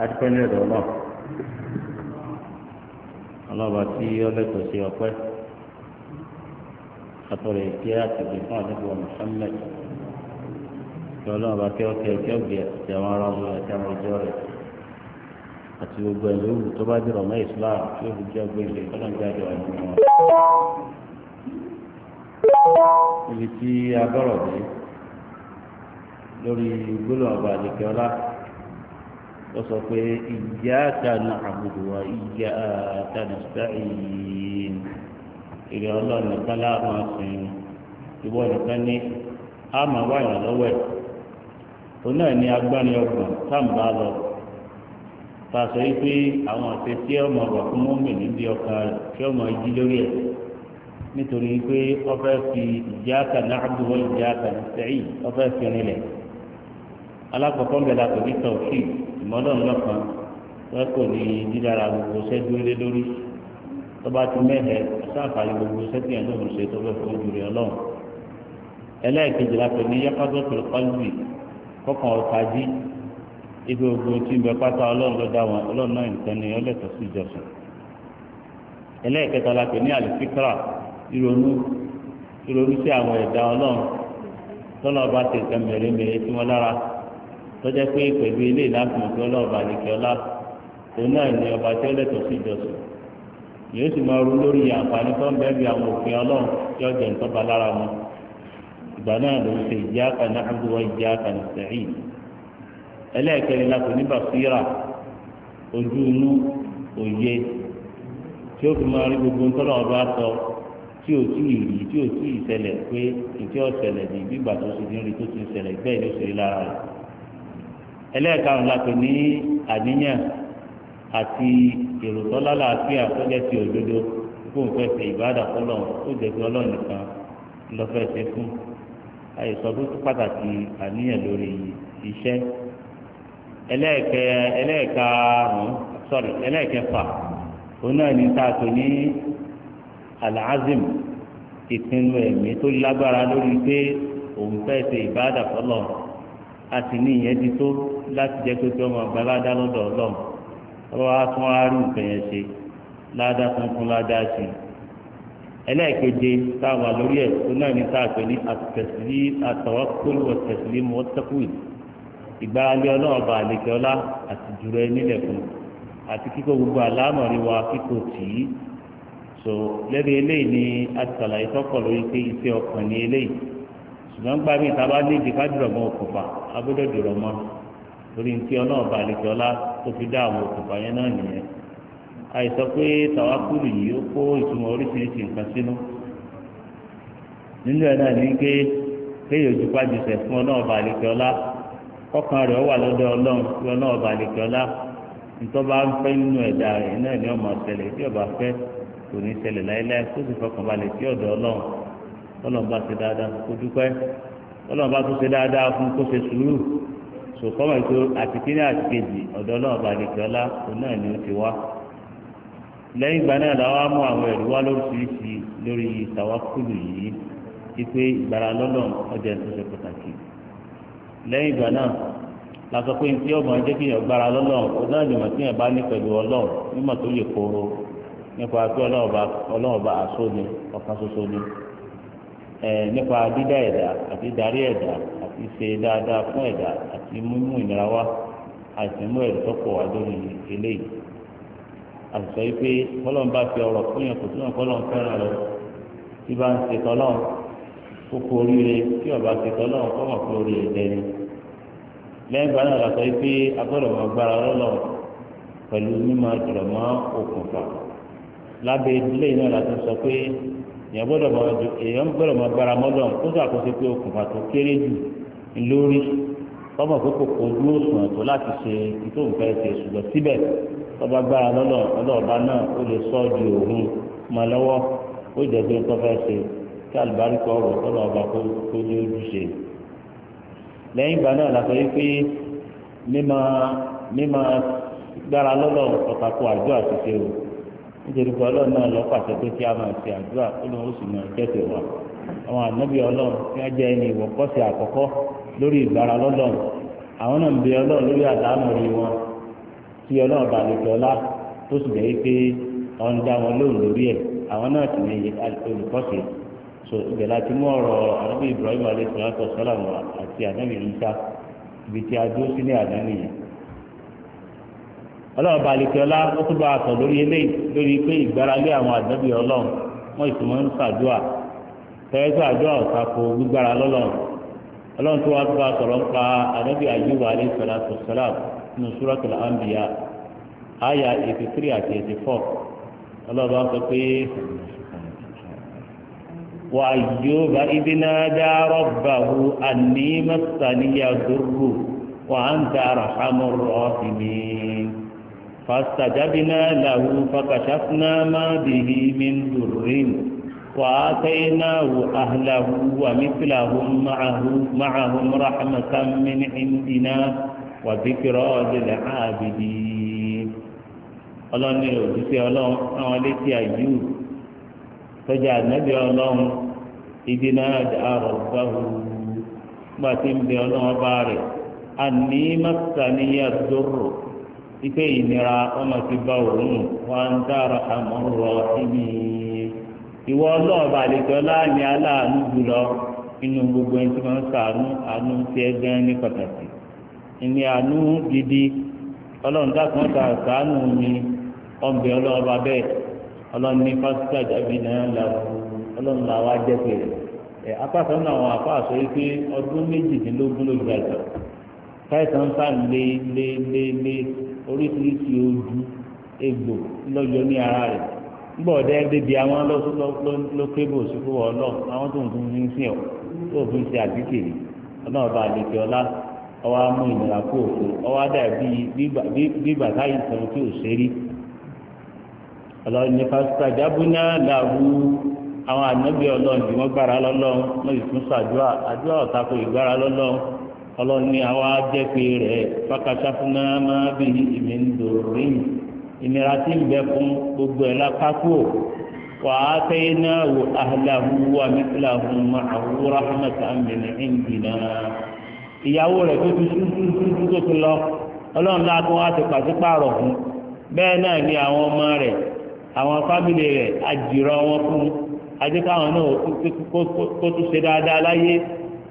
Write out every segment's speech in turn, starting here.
adúpẹ́ ní ọ̀dọ̀ náà ọlọ́ba tí ọlẹ́tọ̀ sí ọpẹ́ àtọ̀rọ̀ èké àtìgbè fún àdúgbò Muhammad kí ọlọ́ba kí ọkẹ́ kí ọgbẹ́ àti àwọn ará ọmọ àti àwọn ìjọ rẹ̀ àti gbogbo ẹ̀ lóru tó bá dìrọ̀ mọ́ Islam tí ó fi jẹ́ ọgbẹ́ ilé ọlọ́jà àjọ àjọ wọn. ibi tí agbọ́rọ̀ dé lórí gbólóhùn ọba àdìgbẹ́ ọlá ó sọ pé iyyaka na'budu wa iyyaka nasta'in ìrẹ̀ ọlọ́run nìkan láàmú ọ̀sìn ìwọ nìkan ní àmọ́ wáyà lọ́wọ́ ẹ̀ òun náà ní agbáni ọgbọ̀n táǹbà lọ fàṣọ yìí pé àwọn ọ̀sẹ̀ tí ọmọ ọ̀rọ̀ fún mọ́mì níbi ọkàn rẹ̀ tí ọmọ ìjì lórí ẹ̀ nítorí pé ọfẹ́ fi iyyaka na'budu wa iyyaka nasta'in ọfẹ́ fi rinlẹ̀ alákọ̀ọ́kọ́ ń bẹ̀rẹ̀ àtòrí tọ̀ọ̀ṣì ìmọ̀lọ́n lọ́kàn wọ́n kò ní dídára gbogbo sẹ́dúró lé lórí tó bá ti mẹ́hẹ̀ sáfàlì gbogbo sẹ́dúró yẹn lóhùn ṣe tó fẹ́ fún ojú rẹ̀ ọlọ́run ẹlẹ́ẹ̀kejì la pè ní yẹ́pàtó tó kọ́lùbì kọ́kàn ọ̀tá jí ibi gbogbo tí ń bẹ pátá ọlọ́run ló dá wọn ọlọ́run náà nìkan ni ọlẹ́tọ̀ sí ìjọsìn ẹlẹ́ẹ̀kẹta la pè ní àlùfíkra ìrònú ìrònú sí àwọn ẹ̀dá ọlọ́run tọ́lọ́ bá ti nǹkan mèremère tí wọ́n lára tọ́jà pé pẹ̀lú ilé ìlànà tí ọlọ́ọ̀bà nìkẹ́ ọlá òun náà ní ọba tí ó lẹ́tọ̀ọ́ sí ìjọsìn yóò sì máa ru lórí àǹfààní tó ń bẹ́ẹ̀ bí àwọn òfin ọlọ́run tí ó jẹ́ ìtọ́ba lára mu ìgbà náà ló ń ṣe iyyaka na'budu wa iyyaka nasta'in ẹlẹ́ẹ̀kẹrin la kò ní bàfíra ojú inú òye tí ó fi máa rí gbogbo ńtọ́lọ́ ọba sọ tí ò tí ì rí tí ò tí ì ṣẹlẹ̀ pé ìtí ọ̀ṣẹlẹ̀ ní bí ìgbà tó ṣe ní rí tó ti ṣẹlẹ̀ bẹ́ẹ̀ ló ṣe lára rẹ̀ ẹlẹ́ẹ̀karùn-ún la pè ní àníyàn àti èrò tọ́lá làásìá tọ́jà ti òdodo kó n fẹ́ ṣe ìbáàdà fọlọ́ ó jẹ̀bi ọlọ́run nìkan lọ́fẹ́ ṣe fún àìsàn tó tún pàtàkì àníyàn lórí iṣẹ́ ẹlẹ́ẹ̀kẹ́ ẹlẹ́ẹ̀karùn-ún sọ̀rọ̀ ẹlẹ́ẹ̀kẹfà òun náà ní tá a pè ní alazim ìpinnu ẹ̀mí tó lágbára lórí pé òun fẹ́ ṣe ìbáàdà fọlọ́ a ní ìyẹn ti tó láti jẹ́ pé kí ọmọ ọgbà ládá lọ́dọ̀ ọlọ́run ọba wa tún wá rí nǹkan yẹn ṣe ládá tuntun ládá sí i ẹlẹ́ẹ̀keje tá a wà lórí ẹ̀ tó náà ní tá a pè ní àtẹ̀sílí àtàwákùlù ọ̀tẹ̀sílí mọ́tẹ́kùlù ìgbàlẹ́ ọlọ́run ọba àlejò ọlá àti jùlọ ẹ nílẹ̀ àti kíkó gbogbo àlámọ̀rí wa kíkó tì í so lẹ́bi eléyìí ni àtàlàyé tọ́kọ̀ lórí pé iṣẹ́ ọkàn ni eléyìí ṣùgbọ́n gbàmí ìta bá ní ìdíkà mọ́ òkùnfà abúlé dùrọ̀ mọ́ torí ntí ọlọ́ọ̀bà àlejòọ́lá tó fi dá àwọn òkùnfà yẹn náà nìyẹn àìsọ pé tàwákùlù yìí ó kó ìtumọ̀ oríṣiríṣi nǹkan sínú nínú ẹ̀ náà ní pé kéèyàn ojú pàjùsẹ̀ fún ọlọ́ọ̀bà àlejòọ́lá kọ́kàn rẹ̀ wà lọ́dọ̀ ọlọ́run fún ń fẹ́ nínú ẹ̀dá rẹ̀ náà ni ọmọ ọ̀sẹ̀lẹ̀ tí ọba fẹ́ kò ní ṣẹlẹ̀ láéláé tó sì fọkàn so kọ́mọ̀ tó àti kíní ọ̀dọ́ náà balẹ̀kọ́lá òun náà ni ó ti wá lẹ́yìn ìgbà náà làwọn á mú àwọn ẹ̀rí wá lóríṣiríṣi lórí tàwákùlù yìí wípé ìgbàlá ọjà tó ṣe pàtàkì lẹ́yìn ìgbà náà pé ní tí ọmọ kí tó kóró nípa pé nípa dídá ẹ̀dá àti darí ẹ̀dá àti ṣe dáadáa fún ẹ̀dá àti mímú ìnira wá àti mú ẹ̀rí tọ́pọ̀ wá lórí eléyìí àtúntò yìí pé bọ́lọ́n bá fi ọ̀rọ̀ fún yẹn kò tí wọn fẹ́ràn lọ tí bá ń ṣe tọ́lọ́n kókó oríire tí ọba ṣe tọ́lọ́n kọ́ fún oríire dẹni lẹ́yìn ìgbà náà lọ́sọ̀ yìí pé agbọ́dọ̀ mọ gbára lọ́lọ́ pẹ̀lú èèyàn gbọ́dọ̀ mọ èèyàn gbọ́dọ̀ mọ gbára mọ́lọ́n kó sàkóso pé okùnfà tó kéré jù lórí kọ́mọ̀ pé kò kojú òṣùwọ̀n tó láti ṣe ètò nǹkan ẹ̀sẹ̀ ṣùgbọ́n síbẹ̀ tọ́ba gbára lọ́lọ́ ọlọ́ọ̀bá náà ó lè sọ ju òun mọ lọ́wọ́ ó jẹ́ pé tó fẹ́ ṣe kí àlùbáríkọ ọ̀rọ̀ tọ́lọ̀ ọba kó ní ojúṣe. lẹ́yìn ìgbà náà làtọ̀ yí pé mímọ gbára lọ́lọ́ ọ̀tàkùn àjọ àṣìṣe o nítorí pé ọlọ́run náà lọ pàṣẹ pé kí a máa ṣe àdúrà ọlọ́run ó sì máa jẹ́sẹ̀ wa àwọn ànábì ọlọ́run tí wọ́n jẹ́ ẹni àkọ́kọ́ lórí ìgbára àwọn náà ń bẹ ọlọ́run lórí àdánù rí wọn ọlọ́run bá lè jọlá tó sì pé ọ̀n dá wọn lóhùn lórí ẹ̀ àwọn náà sì ní ọlọ́run balẹ̀kẹ́lá ó tún bá a sọ lórí eléyìí lórí pé ìgbáralé àwọn àdẹ́bí ọlọ́run wọ́n ìtumọ̀ ń ṣàdúà fẹ́ẹ́ ṣàdúà ọ̀sàkó gbígbára lọ́lọ́run ọlọ́run tó wá tó bá sọ̀rọ̀ ń pa àdẹ́bí àyùbá alẹ́ sọ̀rọ̀ sọ̀rọ̀ nínú suratul anbiya àyà eighty three àti eighty four ọlọ́run bá sọ pé wà yóòbá ibi náà dá rabbahu anni massaniya durru wa anta arhamur rahimin. فاستجبنا له فكشفنا ما به من ضر وآتيناه أهله ومثلهم معه معهم رحمة من عندنا وذكرى للعابدين ọlọ́run ní òjíṣẹ́ ọlọ́run àwọn létí àyù sọ́jà ànábì ọlọ́run ìdínà àrògbáwò gbàtí ń bẹ ọlọ́run ọba rẹ̀ àní mọ́sánìyà dòrò ipe ìnira ọmọ ti bá òun wà ń dára àmọ́rọ̀ ìní ìwọ ọlọ́ọ̀bà àlejò láàánú aláàánú jùlọ inú gbogbo ẹni tí wọ́n ń sàánú àánú tí ẹ ní pàtàkì ìní àánú gidi ọlọ́run dákun ta sàánú mi ọ̀bẹ ọlọ́ọ̀bà bẹ́ẹ̀ ọlọ́run ní pásítọ̀ àjàbí náà làwọn ọlọ́run ẹ̀ náà àṣọ yìí pé ọdún méjìdínlógún ló gbàgbọ́ káyọ̀tàn lé lé lé oríṣiríṣi ojú egbò lọ́jọ́ ní ara rẹ̀ gbọ́ ọ̀dẹ́ bíbi àwọn lókébò sípò ọlọ́ àwọn tó ń fún mi sí ọ tó fi ń ṣe àdìkèrè ọlọ́ọ̀bá àdìkè ọlá ọwọ́ amú ìnira kó òfin ọwọ́ adà bí tí ò ṣe rí pásítà làwù àwọn ànábì tí wọ́n gbára ọlọ́ni àwa jẹ́ pé rẹ̀ fákàtà fún náà bí ìmì ń dò rìn ìnira tí ń bẹ fún gbogbo ẹ̀ lápákó wà á tẹ́yẹ náà wò ahlahu wa mithlahu ma'ahu rahmatan min indina ìyàwó rẹ̀ tó ti ṣúṣúṣú tó ti lọ ọlọ́run láàkún wá ti pàṣípààrọ̀ fún bẹ́ẹ̀ náà ni àwọn ọmọ rẹ̀ àwọn fámìlì rẹ̀ àjìrọ̀ wọn fún ajé káwọn náà kó tún ṣe dáadáa láyé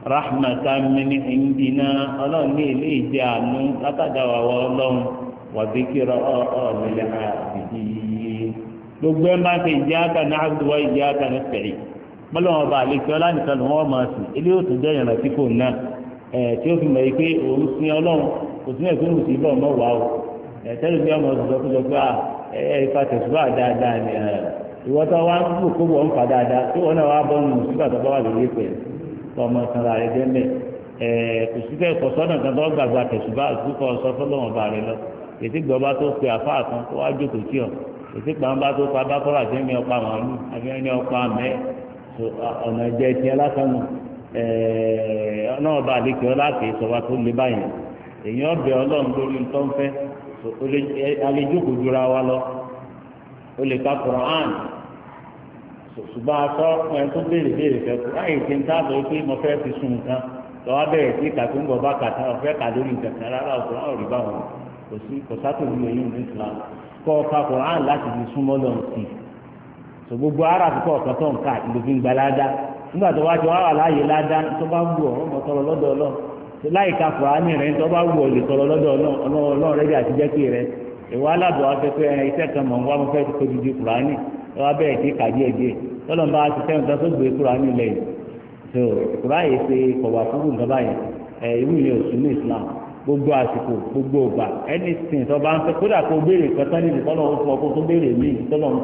rahmatan min indina ọlọ́run ilé ìjẹ àánú látàdáwà wa ọlọ́run wà zikra àbìdí gbogbo ẹ̀ máa ń fi iyyaka na'budu wa iyyaka nasta'in mọ́lọ́wọ́n ọba àlejò ọlánìkan ló wọ́n máa sùn ilé yóò tún jẹ́ ìrántí fò náà ẹ̀ tí ó fi mọ̀ pé òun sin ọlọ́run kò sí ẹ̀kú bọ̀ mọ́ ọmọ lọ́mọ sanra rẹ̀ jẹ́ mẹ́ ẹ̀ kò sí fẹ́ kọ́ sọ́nà kan tó gbàgbà tẹ̀sùbá àtúkọ̀ sọ fọlọ́mọ bá rẹ lọ ètí gbọ́ba tó pe àfáà kan tó wá jókòó tí ọ ètí pàmbá tó pa abákọ́rọ̀ àti ẹni ọ̀pá màálù àti ẹni ọ̀pá mẹ́ ọ̀nà ìjẹ ti alákanu ọ̀nà ọba àdékè ọlá kè tó lé báyìí èyàn ọbẹ̀ ọlọ́run lórí ntọ́nfẹ́ alẹ́ jókòó jura wa lọ ó lè ka Kùránì ṣùgbọ́n asọ ẹni tó béèrè béèrè fẹ́kù láyé ṣe ń dáàbò pé mo fẹ́ fi sun nǹkan bẹ̀rẹ̀ sí ìkàtó ń bọ̀ bá kàtà ọ̀fẹ́ kà lórí rárá náà rí báwọn kò sí kò sátò ní Islam kọ́ ọ̀ka kò láti fi sí i sọ gbogbo ara kọ́ wọ́n abẹ́rẹ́ kàdí ti fẹ́ràn tó gbé kúrò nílẹ̀ so kúrò àyè ṣe kọ̀wá ẹ̀ irú ilé òsùn ní Islam gbogbo àsìkò gbogbo anything tó bá ń fẹ́ kódà kó béèrè níbi tọ́lọ́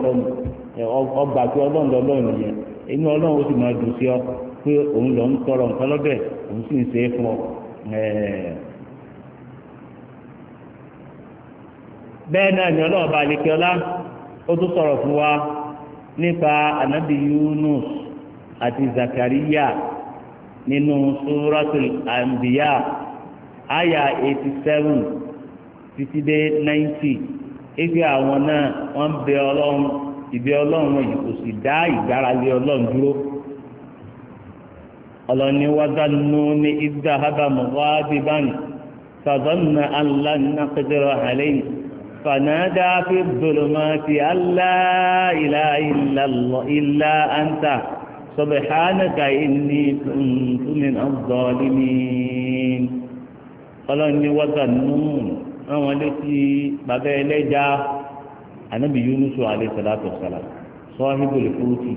ọgbà ọlọ́run yẹn inú ọlọ́run ó sì nípa anabi yunus àti zakariya nínú suratul anbiya aya eighty seven títí dé ninety ebi àwọn náà wọ́n bẹ ọlọ́run ìbẹ ọlọ́run yìí kò sì dá ìgbáralé ọlọ́run dúró ọlọ́ni wàdánù ní ìdáhàbà mọ̀wá bíbáni fàdánù aláǹnà فنادى في الظلمات أن لا إله إلا الله إلا أنت سبحانك إني كنت من الظالمين قال إني وظنون àwọn ilé tí bàbá ẹlẹ́jà anábì yunusu aleyhisalatu wasalam sọ́híbùlì fúrútù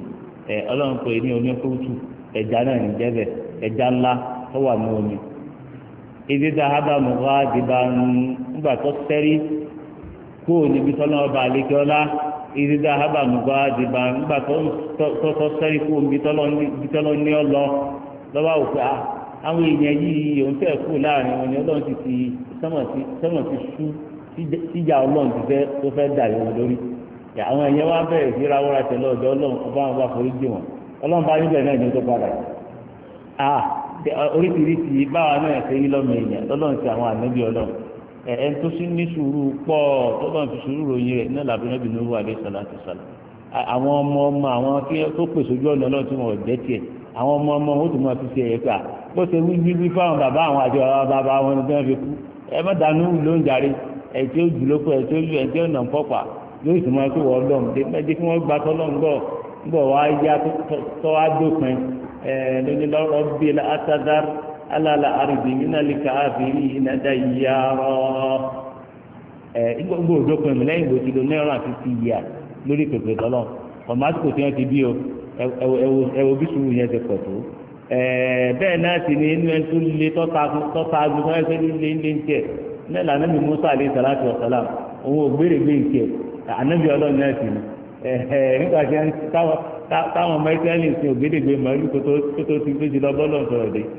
ẹ ọlọ́run pé ní oní fúrútù ẹja náà ní jẹ́bẹ̀ ẹja ńlá tó wà ní omi. ìdí sahaba mọ̀gá dìbà ńgbà tó sẹ́rí kó o níbi tọ́lá ọba àlejò ìdídá ahábàmùgbà àdìbà ńgbà tọ́tọ́ sẹ́rí kó o níbi tọ́lá ní ọlọ lọ́wọ́ òkú a ah, àwọn èèyàn yìí òun fẹ́ kú láàrin wọn ni ọlọ́run ti fi ti sú síjà ọlọ́run ti fẹ́ tó fẹ́ dà yọ̀ lórí àwọn èèyàn wá bẹ̀rẹ̀ sí rawọ́ra tẹ̀lé ọlọ́run ọba wọn bá forí jì wọn ọlọ́run bá níbẹ̀ náà ní tó padà ah, oríṣiríṣi báwa náà ẹ̀ẹ́n tó sì ní sùúrù pọ̀ tọ́lọ́n fi sùúrù ròyìn rẹ̀ náà làbí nàbì nuru alẹ́ sàlátì sàlá àwọn ọmọ ọmọ àwọn tó pèsè ojú ọ̀nà ọlọ́run tí wọ́n jẹ́ tiẹ̀ àwọn ọmọ ọmọ ó tún máa fi ṣe ẹ̀yẹ pé à bó ṣe wí wí fáwọn bàbá àwọn àti ọ̀rọ̀ bàbá wọn ní wọ́n fi kú ẹ má dànù ló ń jàre ẹ̀ tí ó jù lóko ẹ̀ tí ó ẹ̀ tí ó nà ń pọ̀pà yóò sì máa alala arìbì a àlìkà àfìrí ìnàdá yàrá ẹ gbogbo òdòkun náírà yà lórí pèpè tọ́lọ̀ tí wọ́n ti bí o bí sùúrù yẹn ti pọ̀ tó bẹ́ẹ̀ náà sì ni inú tó tọ́ta náà lànà mi Musa àlẹ́ sàlátì ọ̀sálà òun ò gbére gbé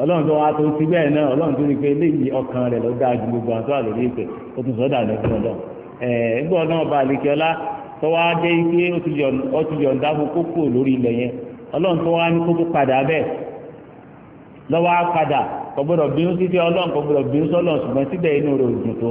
ọlọ́run tó wá tó ti bẹ́ẹ̀ náà ọlọ́run tó ní pé eléyìí ọkàn rẹ̀ ló dáa ju gbogbo àwọn tó ìpè ó tún sọ́dà lọ́sọ̀rọ̀ lọ. náà ọ̀nà ọba tó wá dé ike ó ti kókó lórí ilẹ̀ yẹn ọlọ́run tó wá ní padà bẹ́ẹ̀ lọ́wọ́ á padà ọlọ́run ṣùgbọ́n síbẹ̀ inú rẹ̀ tó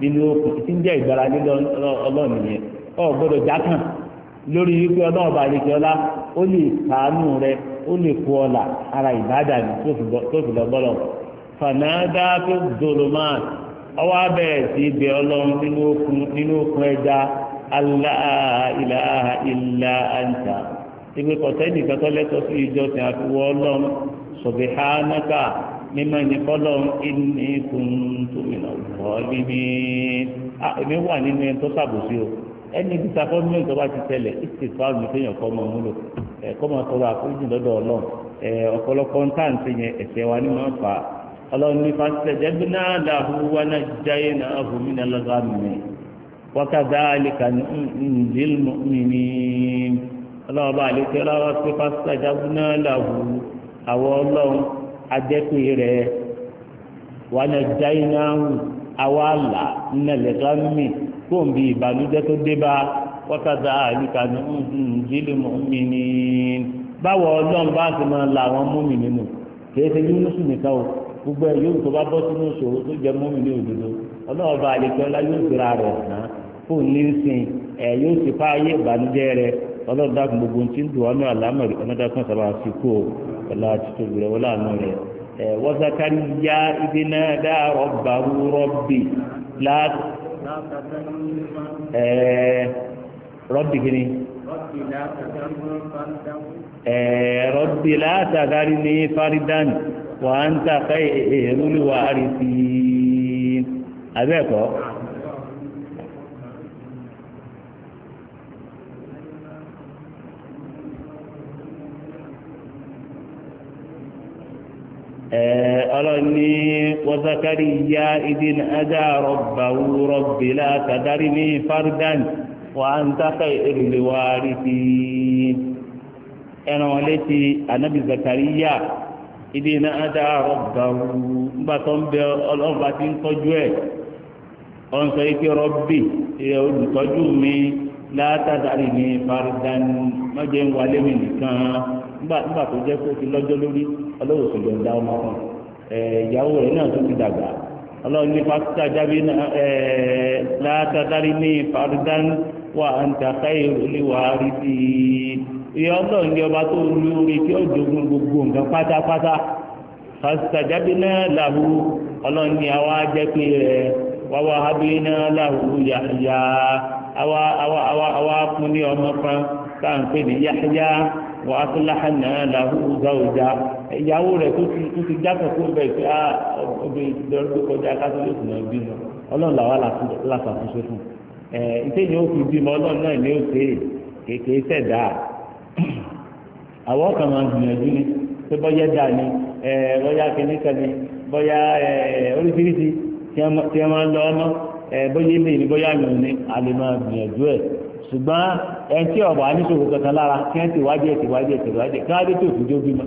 nínú òkùnkùn tí ń jẹ́ ìgbára yẹn ọ gbọ́dọ̀ jákàn lórí wípé ọlọ́run bá àlejò ọlá ó lè sàánú rẹ ó lè ọlà ara ìbádà tó fi lọ bọ́lọ̀ fànádà tó dòrò máa ọwọ́ abẹ́rẹ́ sí ibẹ̀ ọlọ́run nínú òkun ẹja aláìláha ilá àǹtà ìgbẹ́kọ̀tẹ́ nìkan sí ìjọsìn àfiwọ́ ọlọ́run mímọ́ ẹni bọ́lọ̀ ẹni kùntùmínà ọ̀ọ́lìmí èmi wà nínú ẹni tó ṣàbòsí o ẹni disappointment tó bá ti tẹlẹ̀ ìsìtìfáàlù ní kéèyàn kọ́ ọmọ múlò ẹ̀kọ́ máa tọrọ àforíjì lọ́dọ̀ ọlọ́run ọ̀pọ̀lọpọ̀ ntáǹtì yẹn ẹ̀ṣẹ̀ wa ni máa ń fà á ọlọ́run ní fásitì náà náà a rẹ̀ wàhánà dáínáhùn awàlà nílẹ̀ bí ìbànújẹ́ tó dé bá wọ́tàdá àyíká ní báwo ọlọ́run bá ti máa la àwọn nìkan o gbogbo yóò tó bá bọ́ sínú ìṣòro tó jẹ o. ọlá títúbi rẹ̀ wọ́n láàánú rẹ̀ ẹ̀ wọ́sàkánìyá ibi náà dá ọba rọ́bì láti ẹ̀ rọ́bì kìíní. رب لا تذرني فردا وأنت خير الوارثين أبيكو ní wa Zakariya idh nadā rabbahu rabbi lā tadharnī fardan wa anta khayrul wārithīn. ẹran wọn létí anabi Zakariya idh nadā rabbahu nígbà tó ń bẹ ọlọ́ọ̀bà tí ń tọ́jú ẹ̀ ọ̀n sọ yìí kí rabbi ẹ̀ olùtọ́jú mi lā tadharnī fardan mọ́jẹ́ ń wálé mi nìkan nígbà tó jẹ́ kó ti lọ́jọ́ lórí ọlọ́wọ́sọ̀jọ̀ ń dá ọmọ kan ìyàwó rẹ̀ náà tó ti dàgbà ọlọ́run ní pásítà jábí látàdárí ní faridan wà àǹtàkà ìrìlẹ̀wárí sí i ìyá ọlọ́run ní ọba tó lórí tí ó jogun gbogbo nǹkan pátápátá pásítà jábí náà làwù ọlọ́run ní àwa jẹ́ pé rẹ̀ wàwà abiná làwù yàyà àwa àwa àwa àwa fún ní ọmọ kan tá ń pè ní yàyà wà á làwù záwùjá. ìyàwó rẹ̀ tó ti tó ti jákè kó bẹ̀ a obìnrin ti dọ̀rọ̀ tó kọjá kátólì òsì náà bímọ ọlọ́run làwa làṣàtúnṣe fún ẹ ìtẹ̀yìn ó fi ọlọ́run náà ní òkè kéèké sẹ̀dá kan máa gbìyànjú ni pé bọ́yá dà ní ẹ bọ́yá kìnnìkan bọ́yá a máa lọ ọmọ ni bọ́yá mi ni a lè máa gbìyànjú ṣùgbọ́n ẹ tí ọ̀bọ̀ kankan lára kí wọ́n ti wájú ẹ̀ ti wájú ẹ̀ ti wájú ẹ̀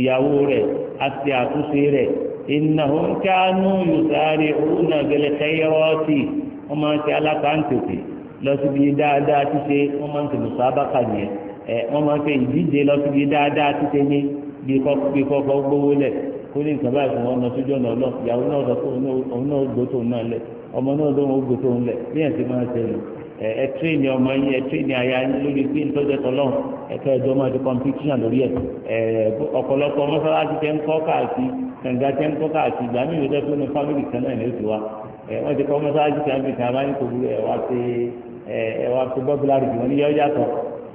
ìyàwó rẹ̀ àti àtúnṣe rẹ̀ innahum kanu yusari'una bil khayrati wọ́n máa ń ṣe alápáǹtòkè lọ dáadáa ṣíṣe wọ́n máa ń ṣe yẹn ẹ máa ń ṣe ìdíje lọ dáadáa ṣíṣe ní bí kọ́kọ́ gbówó lẹ̀ kó ní nǹkan báyìí fún ọmọ ìyàwó náà lọ fún òun náà ẹ tírénì ọmọ yín ẹ tírénì aya yín lórí pé nítọ́jọ́ tọ́lọ́ ẹ̀ka ẹ̀jọ́ máa di kọ́mpútíṣàn lórí ẹ̀ ọ̀pọ̀lọpọ̀ mọ́sálásí tẹ́ ń kọ́ káàkiri kànga tẹ́ ń kọ́ káàkiri ìgbà mí ìrẹ́jọ́ fún mi fámìlì kan náà ní oṣù wa wọ́n ti kọ́ mọ́sálásí kan bí kan máa ń kó ẹ wá sí ẹ wá sí bọ́búlárì wọn ní yọ́jà kan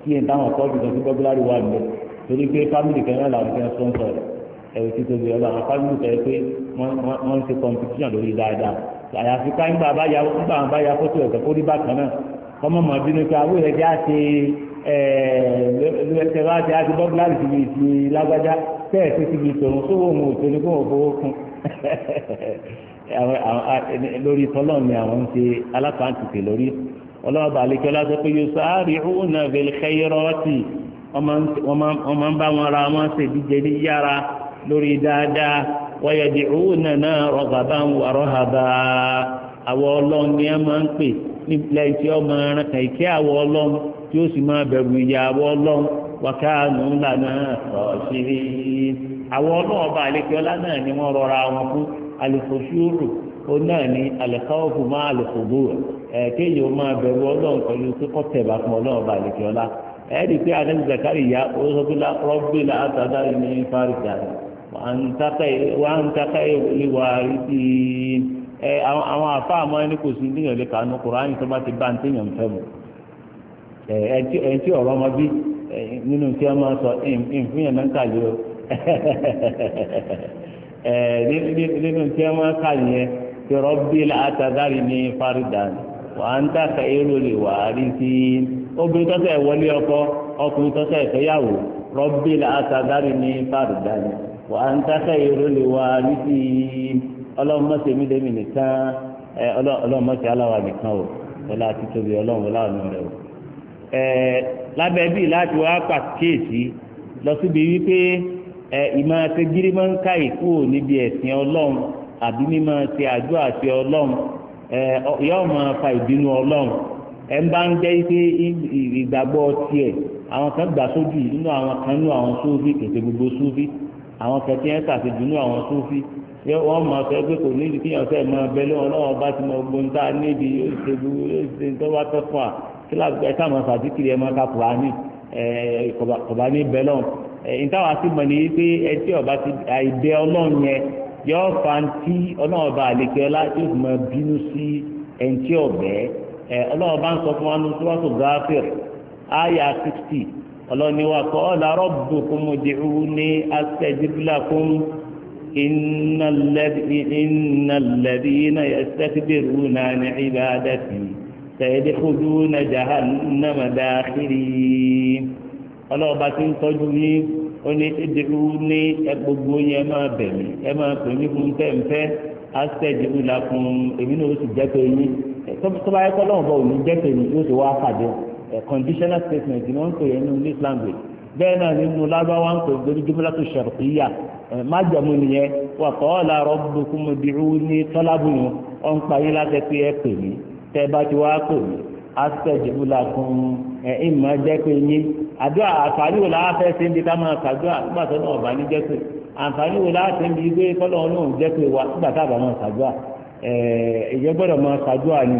kí n táwọn kọ́ bí kan sí bọ́búlárì wà lọ torí pé fámìlì kan náà làwọn kan sọ́ńsọ̀ ẹ̀rù títí obìnrin ọ̀la àwọn fámìlì kan pé wọ́n ń ṣe kọ́mpútíṣàn lórí dáadáa àyàfi ká ńgbà báyà ńgbà báyà kó tó ẹ̀kẹ́ kó rí bákan náà kọ́mọ́ mọ̀ bínú pé àwọn ìrẹ́jẹ́ á ti ẹ̀ẹ́dẹ́gbẹ́ wá ti á ti bọ́gláàrì ti fi ti lágbájá bẹ́ẹ̀ tó ti fi tòun tó wọ́n òun òtún ní kó wọ́n fowó kún lórí tọ́lọ́ ni àwọn ń ṣe alápáǹtìkè lórí ọlọ́ọ̀bà àlekẹ́ ọlá sọ pé yóò sáárì hùnà bẹ̀lẹ́kẹ́yẹ́rọ́ọ̀tì wọ́n máa ń bá wọn ra wọn ṣèdíje ní yára lórí dáadáa wayad'unana raghaban wa rahaba àwọn ọlọ́run ni ẹ máa ń pè nílẹ̀ tí ó máa ma kàn ìkẹ́ àwọn ọlọ́run tí ó sì máa bẹ̀rù ọlọ́run ọlọ́run ọba àlekíọ́lá náà ni wọ́n rọra wọn fún alùpùpù ní máa máa bẹ̀rù ọlọ́run wà ń takà ìwà ẹ àwọn àfáàmọ́ ẹni kò sí ní ka kànú kùránì tó bá ti bá ń tẹ̀yàn fẹ́ mu ẹ ọ̀rọ̀ ọmọ bí nínú tí wọ́n máa sọ ìfúnyàn náà kàlẹ́ o nínú tí wọ́n máa kàlẹ́ yẹn ti rọ́bì látàdárì ní faridan wà ń takà èrò lè wà rí sí obìnrin tọ́sẹ̀ wọlé ọkọ ọkùnrin tọ́sẹ̀ ìfẹ́yàwó rọ́bì látàdárì ní faridan. wà á ń tákà èrò lè wá níbi ọlọ́mọ́sẹ̀ mi lèmi nìkan ọlọ́mọ́sẹ̀ aláwa nìkan o ọlá àti tóbi ọlọ́run ọláàánú rẹ o. lábẹ́ bíi láti wá pàkíyèsí lọ síbi wípé ìmọ̀ àti gírímọ̀ǹkà ìkú níbi ẹ̀sìn ọlọ́run àbí mímọ̀ àti àjọ àti ọlọ́run yóò máa fa ìbínú ọlọ́run ẹ̀ ń bá ń jẹ́ pé ìgbàgbọ́ tiẹ̀ àwọn kan gbà sójú nínú àwọn kan nínú àwọn sófì kèsè gbogbo sófì àwọn kẹtí ẹ ṣàṣejùnú àwọn sófì yẹ wọn mọ ọsẹ pé kò níbi kíyàn ọsẹ mọ abẹlé wọn náà bá ti mọ ogun tá a níbi yóò ṣe bu yóò ṣe tó bá tọ́ fún wa kíláàsì ẹ sáà mọ sàdíkìrì ẹ mọ ká kùránì ẹ kọba ní bẹlọ ẹ ìtawà sí mọ nìyí pé ẹ tí ọba ti àìbẹ Ọlọ́run yẹn yọ fanti ọlọ́ọ̀ba àlekẹ́ ọlá tó fi mọ bínú sí ẹ̀ǹtí ọ̀bẹ ẹ ọlọ́ọ̀ba ń sọ fún wa ní sọ́wọ́sọ̀ gáfíìr áyà sixty ọlọ́ni wa qala rabbukum ud'uni astajib lakum innal ladhina yastakbiruna 'an ibadati sayadkhuluna jahannama dakhirin ọlọ́ọ̀bá ti ń tọ́jú yín ó ní ìdìrú ní gbogbo yín ẹ máa bẹ̀ mí ẹ máa pè mí fún pẹ́ǹpẹ́ astajib lakum èmi náà ó sì jẹ́ pé yín tọ́ba lọ́wọ́ bá òní jẹ́ pé yín yóò ti wá pàdé conditional statement ni wọ́n ń pè é ní english language bẹ́ẹ̀ náà nínú lábáwá ń pè é jumla tó shartiyya májàmú nìyẹn wà qala rabbukum ud'uni tọ́lábù yẹn ọ̀n pa yín láti pé ẹ pè mí tẹ́ bá ti wá pè mí astajib lakum ẹ̀ ẹ̀ máa jẹ́ pé yín àdúrà àfààní wò láwọn fẹ́ ṣe ká máa kàdúrà nígbà tó náà ọ̀bà ní jẹ́ pé àǹfààní wò láti ń bi gbé kọ́lọ́ ọlọ́run jẹ́ pé wà nígbà tá a máa kàdúrà ìyẹn gbọ́dọ̀ máa ni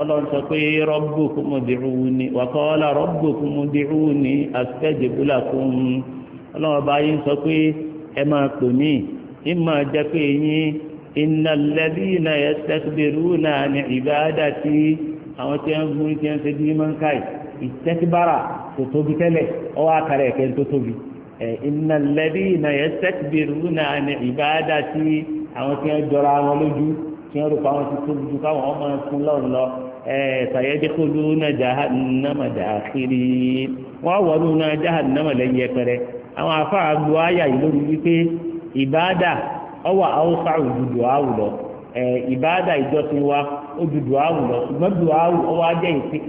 ọlọ́run sọ pé rabbukum ud'uni wa qala rabbukum ud'uni astajib lakum ọlọ́run ọba yín sọ pé ẹ máa pè mí ẹ máa jẹ́ pé yín innal ladhina yastakbiruna an ibadati àwọn tí wọ́n gún tí wọ́n ṣe bí mọ́ káì ìtẹ́kíbára tó tóbi tẹ́lẹ̀ ọwọ́ àkàrẹ̀ ẹ̀kẹ́ tó tóbi innal ladhina yastakbiruna an ibadati àwọn tí wọ́n jọra wọn lójú tí wọ́n wọn pé àwọn ti tóbi ju káwọn ọmọ ẹkún lọ́rùn lọ náà dàkírí náà ẹpẹrẹ àwọn afáà lu àyà yìí lórí wípé ìbáàdà ọwọ́ àwòsàn òdùdù ìbáàdà ìjọsìn wa òdùdù àwù ìsìn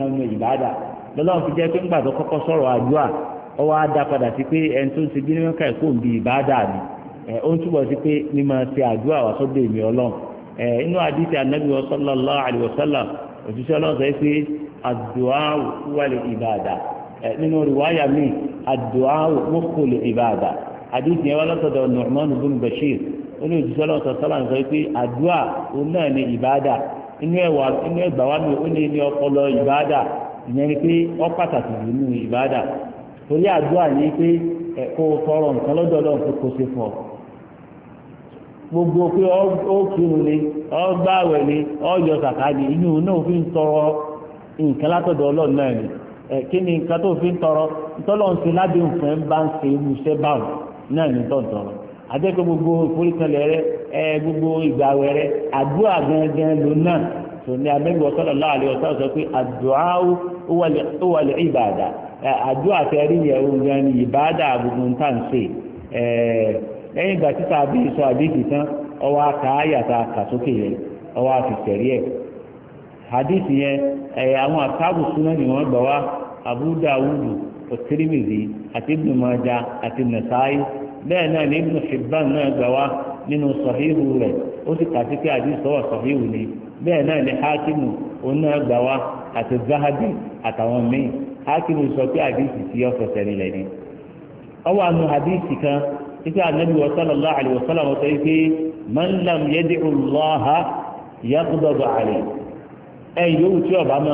kan ìbáàdà fi ẹ̀ eh, inú àdìsí anábì sallallahu alaihi wasallam òṣìṣẹ́ ọlọ́run sọ pé àdùá wọlé ìbàdà ẹ̀ nínú rìwáyà mi àdùá mọ́kòlè ìbàdà àdìsí yẹn wọ́n lọ́sọ̀dọ̀ Nu'man ibn Bashir ó ní òṣìṣẹ́ ọlọ́run sọ sọ́lá sọ pé àdùá òun náà ní ìbàdà inú ẹ̀wà inú ẹ̀gbà wa mi ó ní ní ọpọlọ ìbàdà ìyẹn pé ó pàtàkì jù nínú ìbàdà torí àdùá ní pé ẹ̀kọ́ eh, tọrọ gbogbo pé ó ni ó gbààwẹ̀ ni yọ inú náà fi ń tọrọ nǹkan látọ̀dọ̀ ọlọ́run náà ni kí ni nǹkan fi ń tọrọ tọ́lọ́ ń lábẹ́ òfin bá ń ṣe irúṣẹ́ báwọn náà gbogbo ìforíkanlẹ̀ rẹ gbogbo ìgbàwẹ̀ rẹ àdúrà gangan ló náà tó ní sọ pé àdúrà ó wà lẹ́yìn ìgbà tí tàbí sọ àdìsí tán ọwọ́ aka ayàtà kàsókè yẹn ọwọ́ yẹn àwọn àtàbù súná ni wọn gbà wá Abu Dawudu àti Ibn ati àti Nasa'i bẹ́ẹ̀ náà ní Ibn Hibban náà gbà wá nínú sọ̀híhù rẹ̀ ó sì kà sí pé àdìsí ọwọ́ sọ̀híhù ni bẹ́ẹ̀ náà ní Hakimu òun náà gbà wá àti Zahabi àtàwọn míì sọ pé àdìsí nílẹ̀ ni ọwọ́ àánú àdìsí kan ife anabi wa sallallahu alayhi wa sallam sọ ife man lam yadi'u allaha yaqdabu alayhi ẹ̀yin en tí ọba tí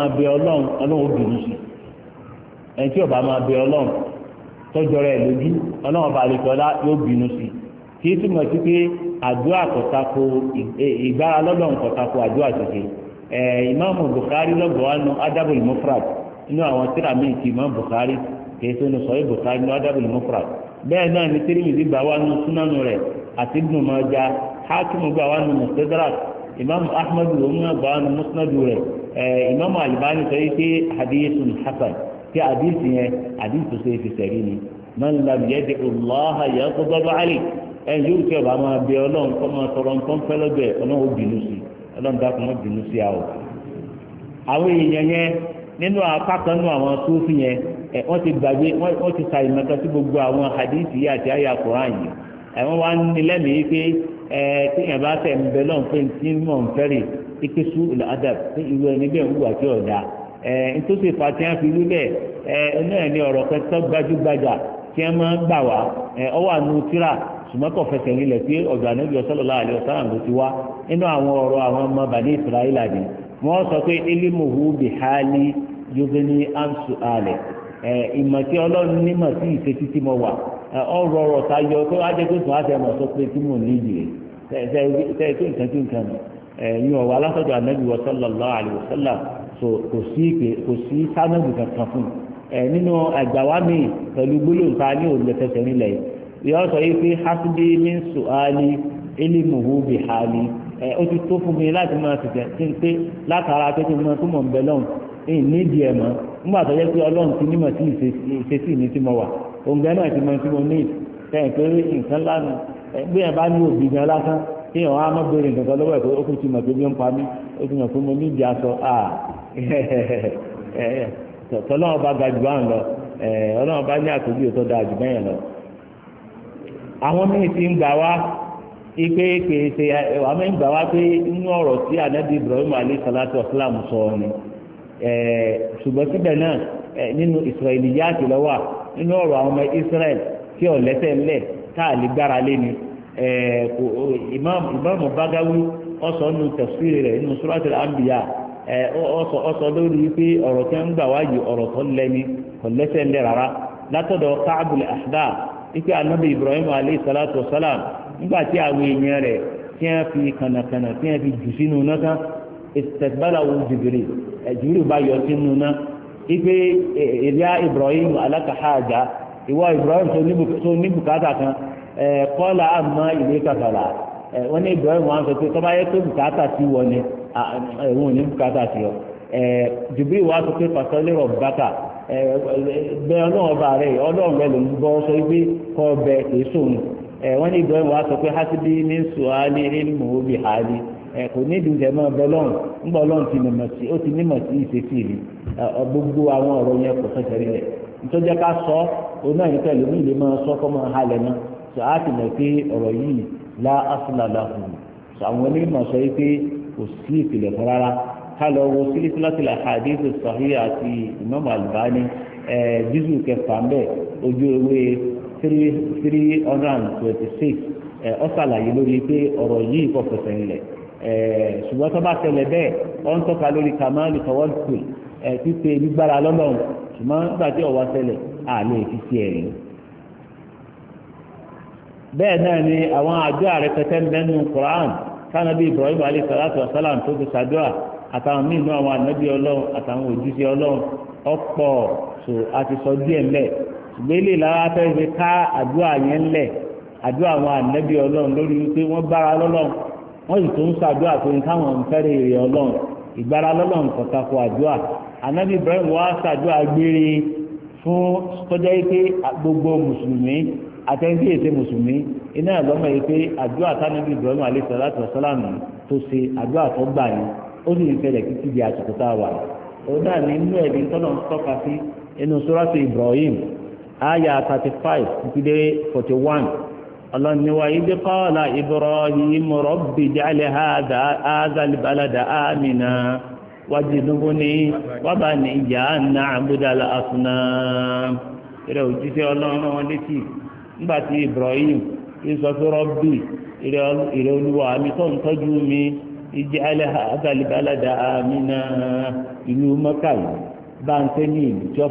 ọba máa bẹ ọlọ́run tọ́jọ́ rẹ̀ lójú ọlọ́run ọba àlekọ́lá yóò bínú sí kí túmọ̀ sí pé àdúrà kọ̀tako ìgbára lọ́lọ́run kọ̀tako àdúrà Bukhari lọ́gbọ̀ọ́ wánu Adabul Mufrad Bukhari Bukhari bẹ́ẹ̀ náà ni tirimidi gbà wá nù súnánù rẹ̀ àti gbọmọdé hakimu gbà wá nù mustadrak imaamu ahmadu omuna gbà wá nù musnadu rẹ̀ ẹ imaamu alibani sọ yìí pé hadithun hasan pé hadithu yẹn hadithu sọ èfi sẹ̀rí ni man lam yẹ́dẹ̀ ọlọ́ha yẹ kó gbọ́dọ̀ àlè ẹ yóò tẹ ọba máa bẹ ọlọ́run kọ́ máa tọrọ nǹkan fẹ́lẹ́ bẹ ọlọ́run bínú sí ọlọ́run dákun ó bínú sí àwọn èèyàn yẹn nínú apá àwọn tó yẹn wọ́n ti gbàgbé wọ́n ti sí gbogbo àwọn hadithi yìí àti àyà Qur'an yìí àwọn wa ní lẹ́mìí pé téèyàn bá fẹ́ ń bẹ lọ́n pé ń fẹ́rẹ̀ ike sú adab pé ìwé ẹni bẹ́ẹ̀ ọ̀dà wí bẹ́ẹ̀ ọ̀rọ̀ gbajúgbajà tí ń gbà wá ọwọ́ àánú tíra fẹsẹ̀ nílẹ̀ pé ọ̀dọ̀ ti wá àwọn ọ̀rọ̀ àwọn ìmọ̀ tí ọlọ́run nímọ̀ sí ìṣesí tí mo wà ọ̀rọ̀ ọ̀rọ̀ ta yọ tó wá jẹ́ pé fún àṣẹ mọ̀ sọ pé tí mò ń níyì rẹ̀ tẹ́ ẹ tó nǹkan tó nǹkan nù ẹ̀yin ọ̀wà alásọ̀dọ̀ anábì wa sallallahu alayhi wa sallam kò sí ìpè kò sí sánàbù kankan fún ẹ nínú àgbàwá mi pẹ̀lú gbólóhùn ní òun lẹ́fẹ̀ẹ́ sẹ́rin lẹ̀ yọ sọ yìí pé ee nídìí ẹ̀ mọ́ nígbà tó yẹ pé ọlọ́run ti nímọ̀ sí ìṣesí mi tí mo wà òǹgbẹ náà ti mọ tí mo ní sẹ́yìn pé nǹkan bá ní òbí gan lásán kí ẹ̀ wọ́n á bèrè nǹkan lọ́wọ́ ẹ̀ pé ó ti mọ̀ pé bí ó ń pa mí ó ti mọ̀ pé mo ní aṣọ bá ga jù bá ń Ibrahim alayhi salatu wa salam sọ Eh, ṣùgbọ́n síbẹ̀ náà eh, nínú ya yáàtì lọ́wọ́ nínú ọ̀rọ̀ àwọn ọmọ Israẹl tí ò lẹ́sẹ̀ ńlẹ̀ tá gbára lé ni ìmáàmù ọ̀sọ̀ nù tafsiri rẹ̀ nínú Anbiya ọ̀sọ̀ eh, lórí wípé ọ̀rọ̀ tí wọ́n gbà wáyé ọ̀rọ̀ tó lẹ́ni kò lẹ́sẹ̀ ńlẹ̀ rárá látọ̀dọ̀ Ka'bul Ahbar Ibrahim salatu wasalam fi kànàkànà fi ìtẹ̀gbẹ́làwò jìbìrì jìbìrì bá yọ sínú náà ipe ìlíà Ibrahim alákàhájà ìwọ Ibrahim tó ní bùkátà kan kọ́lá àmà ìlé kàkàlà wọ́n ní Ibrahim wọn sọ pé tọ́ba yẹ pé bùkátà wọn ni bùkátà ọ jìbìrì wọn sọ pé pàṣẹlẹ̀ rọ̀ bàtà bẹ ọlọ́run rẹ ọlọ́run rẹ ló ń bọ́ sọ kọ́ bẹ èso wọ́n ní Ibrahim wọn sọ pé ní sùhálì ní ẹ kò ní ìdúnjẹ mọ bọlọ́n ńgbà ọlọ́run ti mọ̀ sí ó ti nímọ̀ sí ìṣesí gbogbo àwọn ọ̀rọ̀ yẹn kò rí rẹ̀ nítorí ká sọ oná yìí pẹ̀lú mi lè máa sọ kọ́ máa sọ á ti mọ̀ pé ọ̀rọ̀ yìí lá asúlàlà hù sọ sọ Imam kẹfà ń bẹ ojú ewé three hundred and twenty six lórí pé Eh, ṣùgbọ́n tó bá tẹ̀lẹ̀ bẹ́ẹ̀ wọ́n ń tọ́ka lórí kamali tawakkul títẹ gbígbára lọ́lọ́run ṣùgbọ́n nígbà tí ọ̀wá tẹ̀lẹ̀ àlè fi ṣe ẹ̀rí. bẹ́ẹ̀ náà ni àwọn àjọ ààrẹ pẹ̀tẹ́ mẹ́nu Qur'an kánàbí Ibrahim alayhi salatu wa salam tó fi ṣàdúrà àtàwọn míì náà àwọn ànábì ọlọ́run àtàwọn òjíṣẹ́ ọlọ́run ọ̀pọ̀ so àti sọ díẹ̀ ńlẹ̀ wọ́n sì tún ṣàdúrà pé táwọn ń fẹ́rẹ̀ èrè ọlọ́run ìgbára lọ́lọ́run kọ̀tàkọ̀ kó àdúrà ànábì Ibrahim wa ṣàdúrà gbére fún tọ́jà yìí pé gbogbo mùsùlùmí àtẹ̀sí èsè mùsùlùmí iná ìlọ́mọ yìí pé àdúrà tánábì Ibrahim tó ṣe àdúrà tó gbà yìí ó sì ń fẹ́rẹ̀ di tá a wà òun náà aya ọlọ́niwà ibi qala Ibrahim rabbi j'al hadha al-balada amina wajnubni wa baniya an na'buda al-asnam ìrẹ̀ òjíṣẹ́ ọlọ́run wọn létí nígbà tí Ibrahim ìsọ fún rọ́bì ìrẹ̀ olúwa mi tó ń tọ́jú mi amina ìlú mọ́kà bá ń tẹ́ ní ìlú tí ó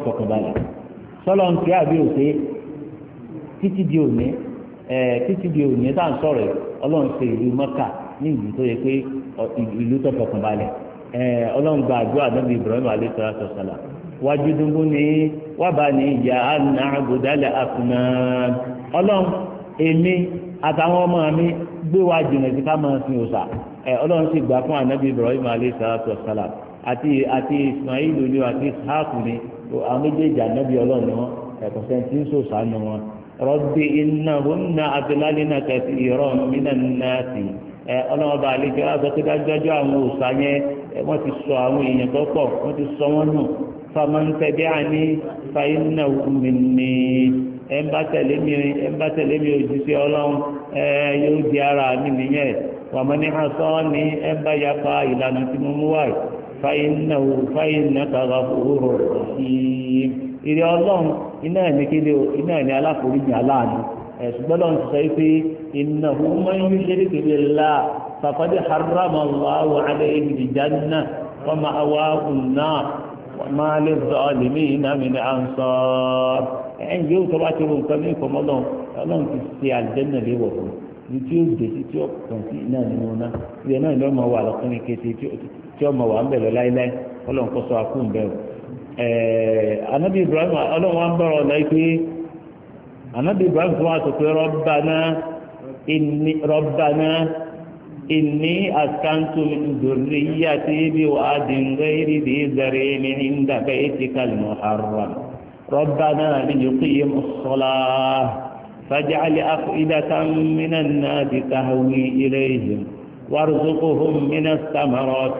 sọ́lọ́ títí di òní tá à ń sọ̀rọ̀ ọlọ́run ṣe ìlú mọ́kà ní ìlú tó yẹ pé ìlú tó fọkàn balẹ̀ ọlọ́run gba àdúrà nàbí ibrahim alayhi salatu wassalam wájú dúnbú ni wábà ní ìyá àná àgùdálẹ̀ àfúnà ọlọ́run èmi àtàwọn ọmọ mi gbé wa jìnnà sí ká máa sin òòṣà ọlọ́run sì gbà fún ànábì ibrahim alayhi salatu wassalam àti àti ismail ni àti ishaq ni àwọn méjèèjì ànábì ọlọ́run ni wọ́n ẹ̀kọ́ sẹ́ńtì ń sòòṣà ni wọ́n. rọ́bì iná húnna àtìlálínà kẹsì ìrọ̀ mínà nàásì ọlọ́mọba àlejò aláṣọ àwọn òòsà wọ́n ti sọ àwọn èèyàn tó pọ̀ wọ́n ti sọ wọ́n nù famantẹbi ani fayinna minni ẹnba tẹ̀lé mi ẹnba Ọlọ́run yóò di ara mi nìyẹn ni yapa ìlànà tí mo mú wáyé èrè ọlọ́run iná ẹ̀mí kéde o iná ẹ̀mí aláforíjì aláàánú ẹ̀sùgbọ́n lọ́run ti sọ pé iná hùwà yín ṣeré kébé la fàkọ́dé haram aláwọ̀ alẹ́ ìdìdì jáná wọ́n máa wá ọ̀nà wọ́n máa lè zọ ọ̀lẹ́mí iná mi ní ànsọ́ ẹ̀yìn yóò tọ́ bá ti rò nǹkan ní ìfọ̀mọ́ lọ́run ọlọ́run ti ṣe àlùjẹ́nà léwọ̀ fún ní tí ó gbèsè tí ó kàn sí iná nínú náà ìyẹn náà ni wọ́n máa wà lọ́kùnrin kété tí ó máa wà ń bẹ̀ lọ ọlọ́run kọ́ sọ akú ń bẹ̀rù anabi eh, ibrahim ọlọ́run wa ń bọ̀rọ̀ ọ̀la yìí pé anabi ibrahim tó wà sọ pé rọ́bàná inni rọ́bàná inni askantu min durriyati bi wa'adin ghairi dhi zar'in inda baytikal muharram ربنا ليقيموا الصلاة فاجعل أفئدة من الناس تهوي إليهم وارزقهم من الثمرات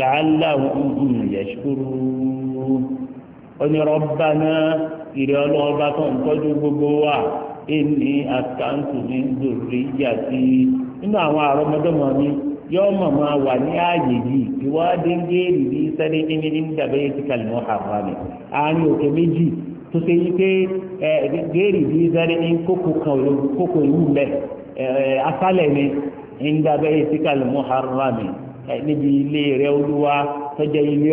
لعلهم يشكرون onírọ̀bánà ìrẹ́ ọlọ́ọba tó ń tọ́jú gbogbo wa ẹni àkáǹtù mi lórí ìyá sí nínú àwọn mi máa wà ní ààyè yìí ní yìí ti kàlẹ́ wọn àbúrà mi àárín òkè méjì tó ṣe yí pé ẹ géèrè bíi sẹ́ni ní kókò kan ni ń yìí ti níbi ilé rẹ olúwa ilé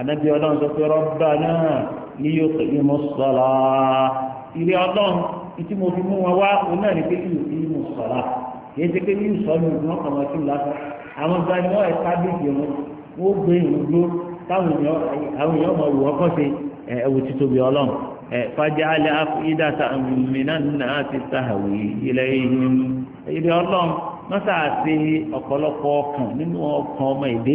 ànábì ọlọ́run sọ pé rọ́bà náà ní yóò pè é mọ́ sọ́la ilé ọlọ́run tí mo fi mú wọn wá òun náà ní pé yóò pè é mọ́ sọ́la yẹn ti pé ní ìsọ́nù wọn kàn wọ́n sí lásán àwọn gba ni wọ́n ẹ̀ tábìlì wọn wọ́n gbé ìlú gbó táwọn èèyàn ọmọ òwò ọkọ̀ ṣe ẹ̀wò títóbi ọlọ́run fàjà alẹ́ ìdàtà mìíràn náà ti ilẹ̀ ìhìn ilé ọlọ́run wọ́n sàá ọ̀pọ̀lọpọ̀ ọkàn nínú ọkàn ọmọ ìdè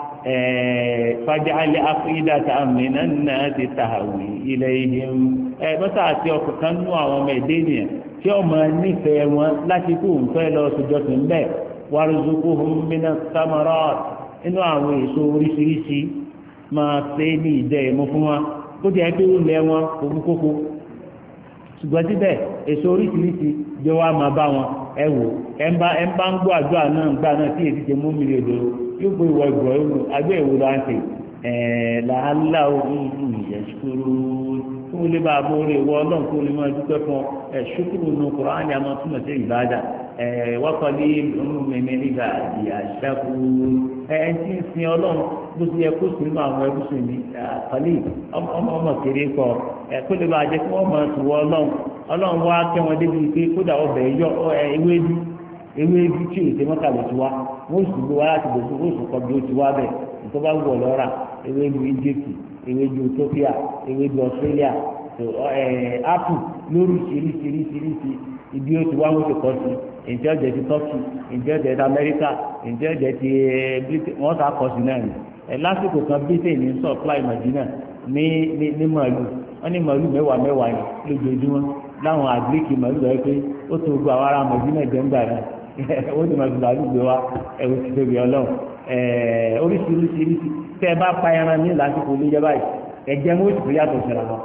fàjà alẹ́ afidà tá a mìíràn náà ti tàwé ilẹ̀ ihe mọ́tà àti ọkọ̀ kan nú àwọn ọmọ ẹ̀dẹ́ ènìyàn tí ọmọ nífẹ̀ẹ́ wọn láti kú nfẹ́ lọ sọjọ́sìn bẹ́ẹ̀ wàrúzùkú hùmínà samarọ́ọ̀t inú àwọn èso oríṣiríṣi máa ṣe ní ìdẹ́ ìmú fún wa kó jẹ́ pé ó lẹ́ wọn òun kókó ṣùgbọ́n síbẹ̀ èso oríṣiríṣi jẹ́ wá máa bá wọn ẹ wò ẹ ń bá ń gbọ́ àdúrà náà gbà náà tí èsì ti mú mi lè dòrò yóò gbé ìwọ ìbùrọ̀yìn mu abẹ́ ìwò ló ń pè ẹ̀ làálà òun ìyẹ̀sùkúrú kí bá a bóore ìwọ ọlọ́run kó lè máa dúpẹ́ fún ẹ ṣùkúrú nu kùrán ni a túmọ̀ sí ìbáàdà ẹ wákọ̀ ní nígbà àti ẹ ń sin ọlọ́run bó ti yẹ kó sì nínú àwọn wọ́n sì gbé wa láti bòsùn wọ́n sì kọ́ bí ó ti wá bẹ̀ tó bá wù ọ́ lọ́ra ewé ju Egypt ewé ju Ethiopia ewé ju Australia apple lórí ṣiríṣiríṣiríṣi ibi ó ti wá wọ́n ti kọ́ sí ǹjẹ́ ọ̀jẹ̀ ti Turkey ǹjẹ́ ọ̀jẹ̀ ti America ǹjẹ́ ọ̀jẹ̀ ti Britain wọ́n sá kọ́ sí náà ni lásìkò kan Britain ní supply Madina ní ní màálù wọ́n ní màálù mẹ́wàá mẹ́wàá yẹn lójoojúmọ́ láwọn àgbékì màálù rẹ̀ pé ó tó gbọ́ àwọn ará Madina jẹ́ ń gbà náà ó ti máa gbà lùgbé wa ẹ̀rù ti tóbi ọlọ́run oríṣiríṣiríṣi tẹ́ ẹ bá pa ẹran ní lásìkò olóyè báyìí ẹ̀jẹ̀ mú òṣìṣẹ́ yàtọ̀ síra wọn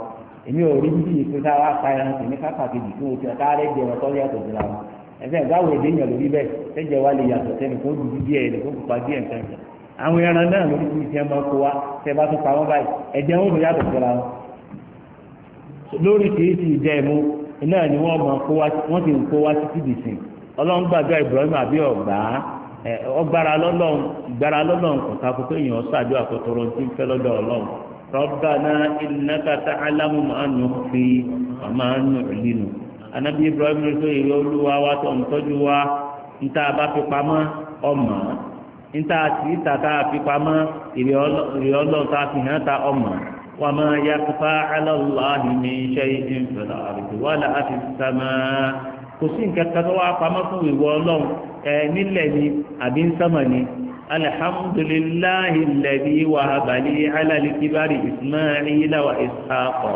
èmi ò rí bíbí ìpín ká wá pa ẹran tèmi ká pàkejì fún oṣù ọ̀tá rẹ̀ jẹ́ ẹran tó yàtọ̀ síra wọn ẹ̀fẹ̀ ìgbàwọ̀ èdè yàn lórí bẹ́ẹ̀ tẹ́jẹ̀ wa lè yàtọ̀ sẹ́ni kó dùdú díẹ̀ lè kó pupa díẹ̀ nǹkan kan àwọn ẹran náà lórí bíbí tiẹ̀ máa kó wa tẹ́ bá tún pa wọ́n báyìí ẹ̀jẹ̀ wọn ò yàtọ̀ síra wọn lórí kìí ti jẹ́ ẹ̀mú náà ni wọ́n máa kó wa wọ́n ọlọ́run gbàdúrà Ibrahim àbí ọ̀gbà ọgbàrà lọ́lọ́run ìgbàrà lọ́lọ́run kò ká kókó èèyàn ṣáájú àkótóró tí ń fẹ́ lọ́dọ̀ ọlọ́run ma nukhfi anabi Ibrahim tó olúwa wa tó ń tọ́jú wa bá fi pamọ́ ọmọ níta sí ìta tá a fi pamọ́ ìrè ọlọ́run fi hàn ta ọmọ kò sí nǹkan kan tó wá pamọ́ fún ìwọ ọlọ́run ẹ nílẹ̀ ni àbí ń sánmà ni alhamdulillahi alladhi wahaba li ala al-kibari ismaila wa ishaqa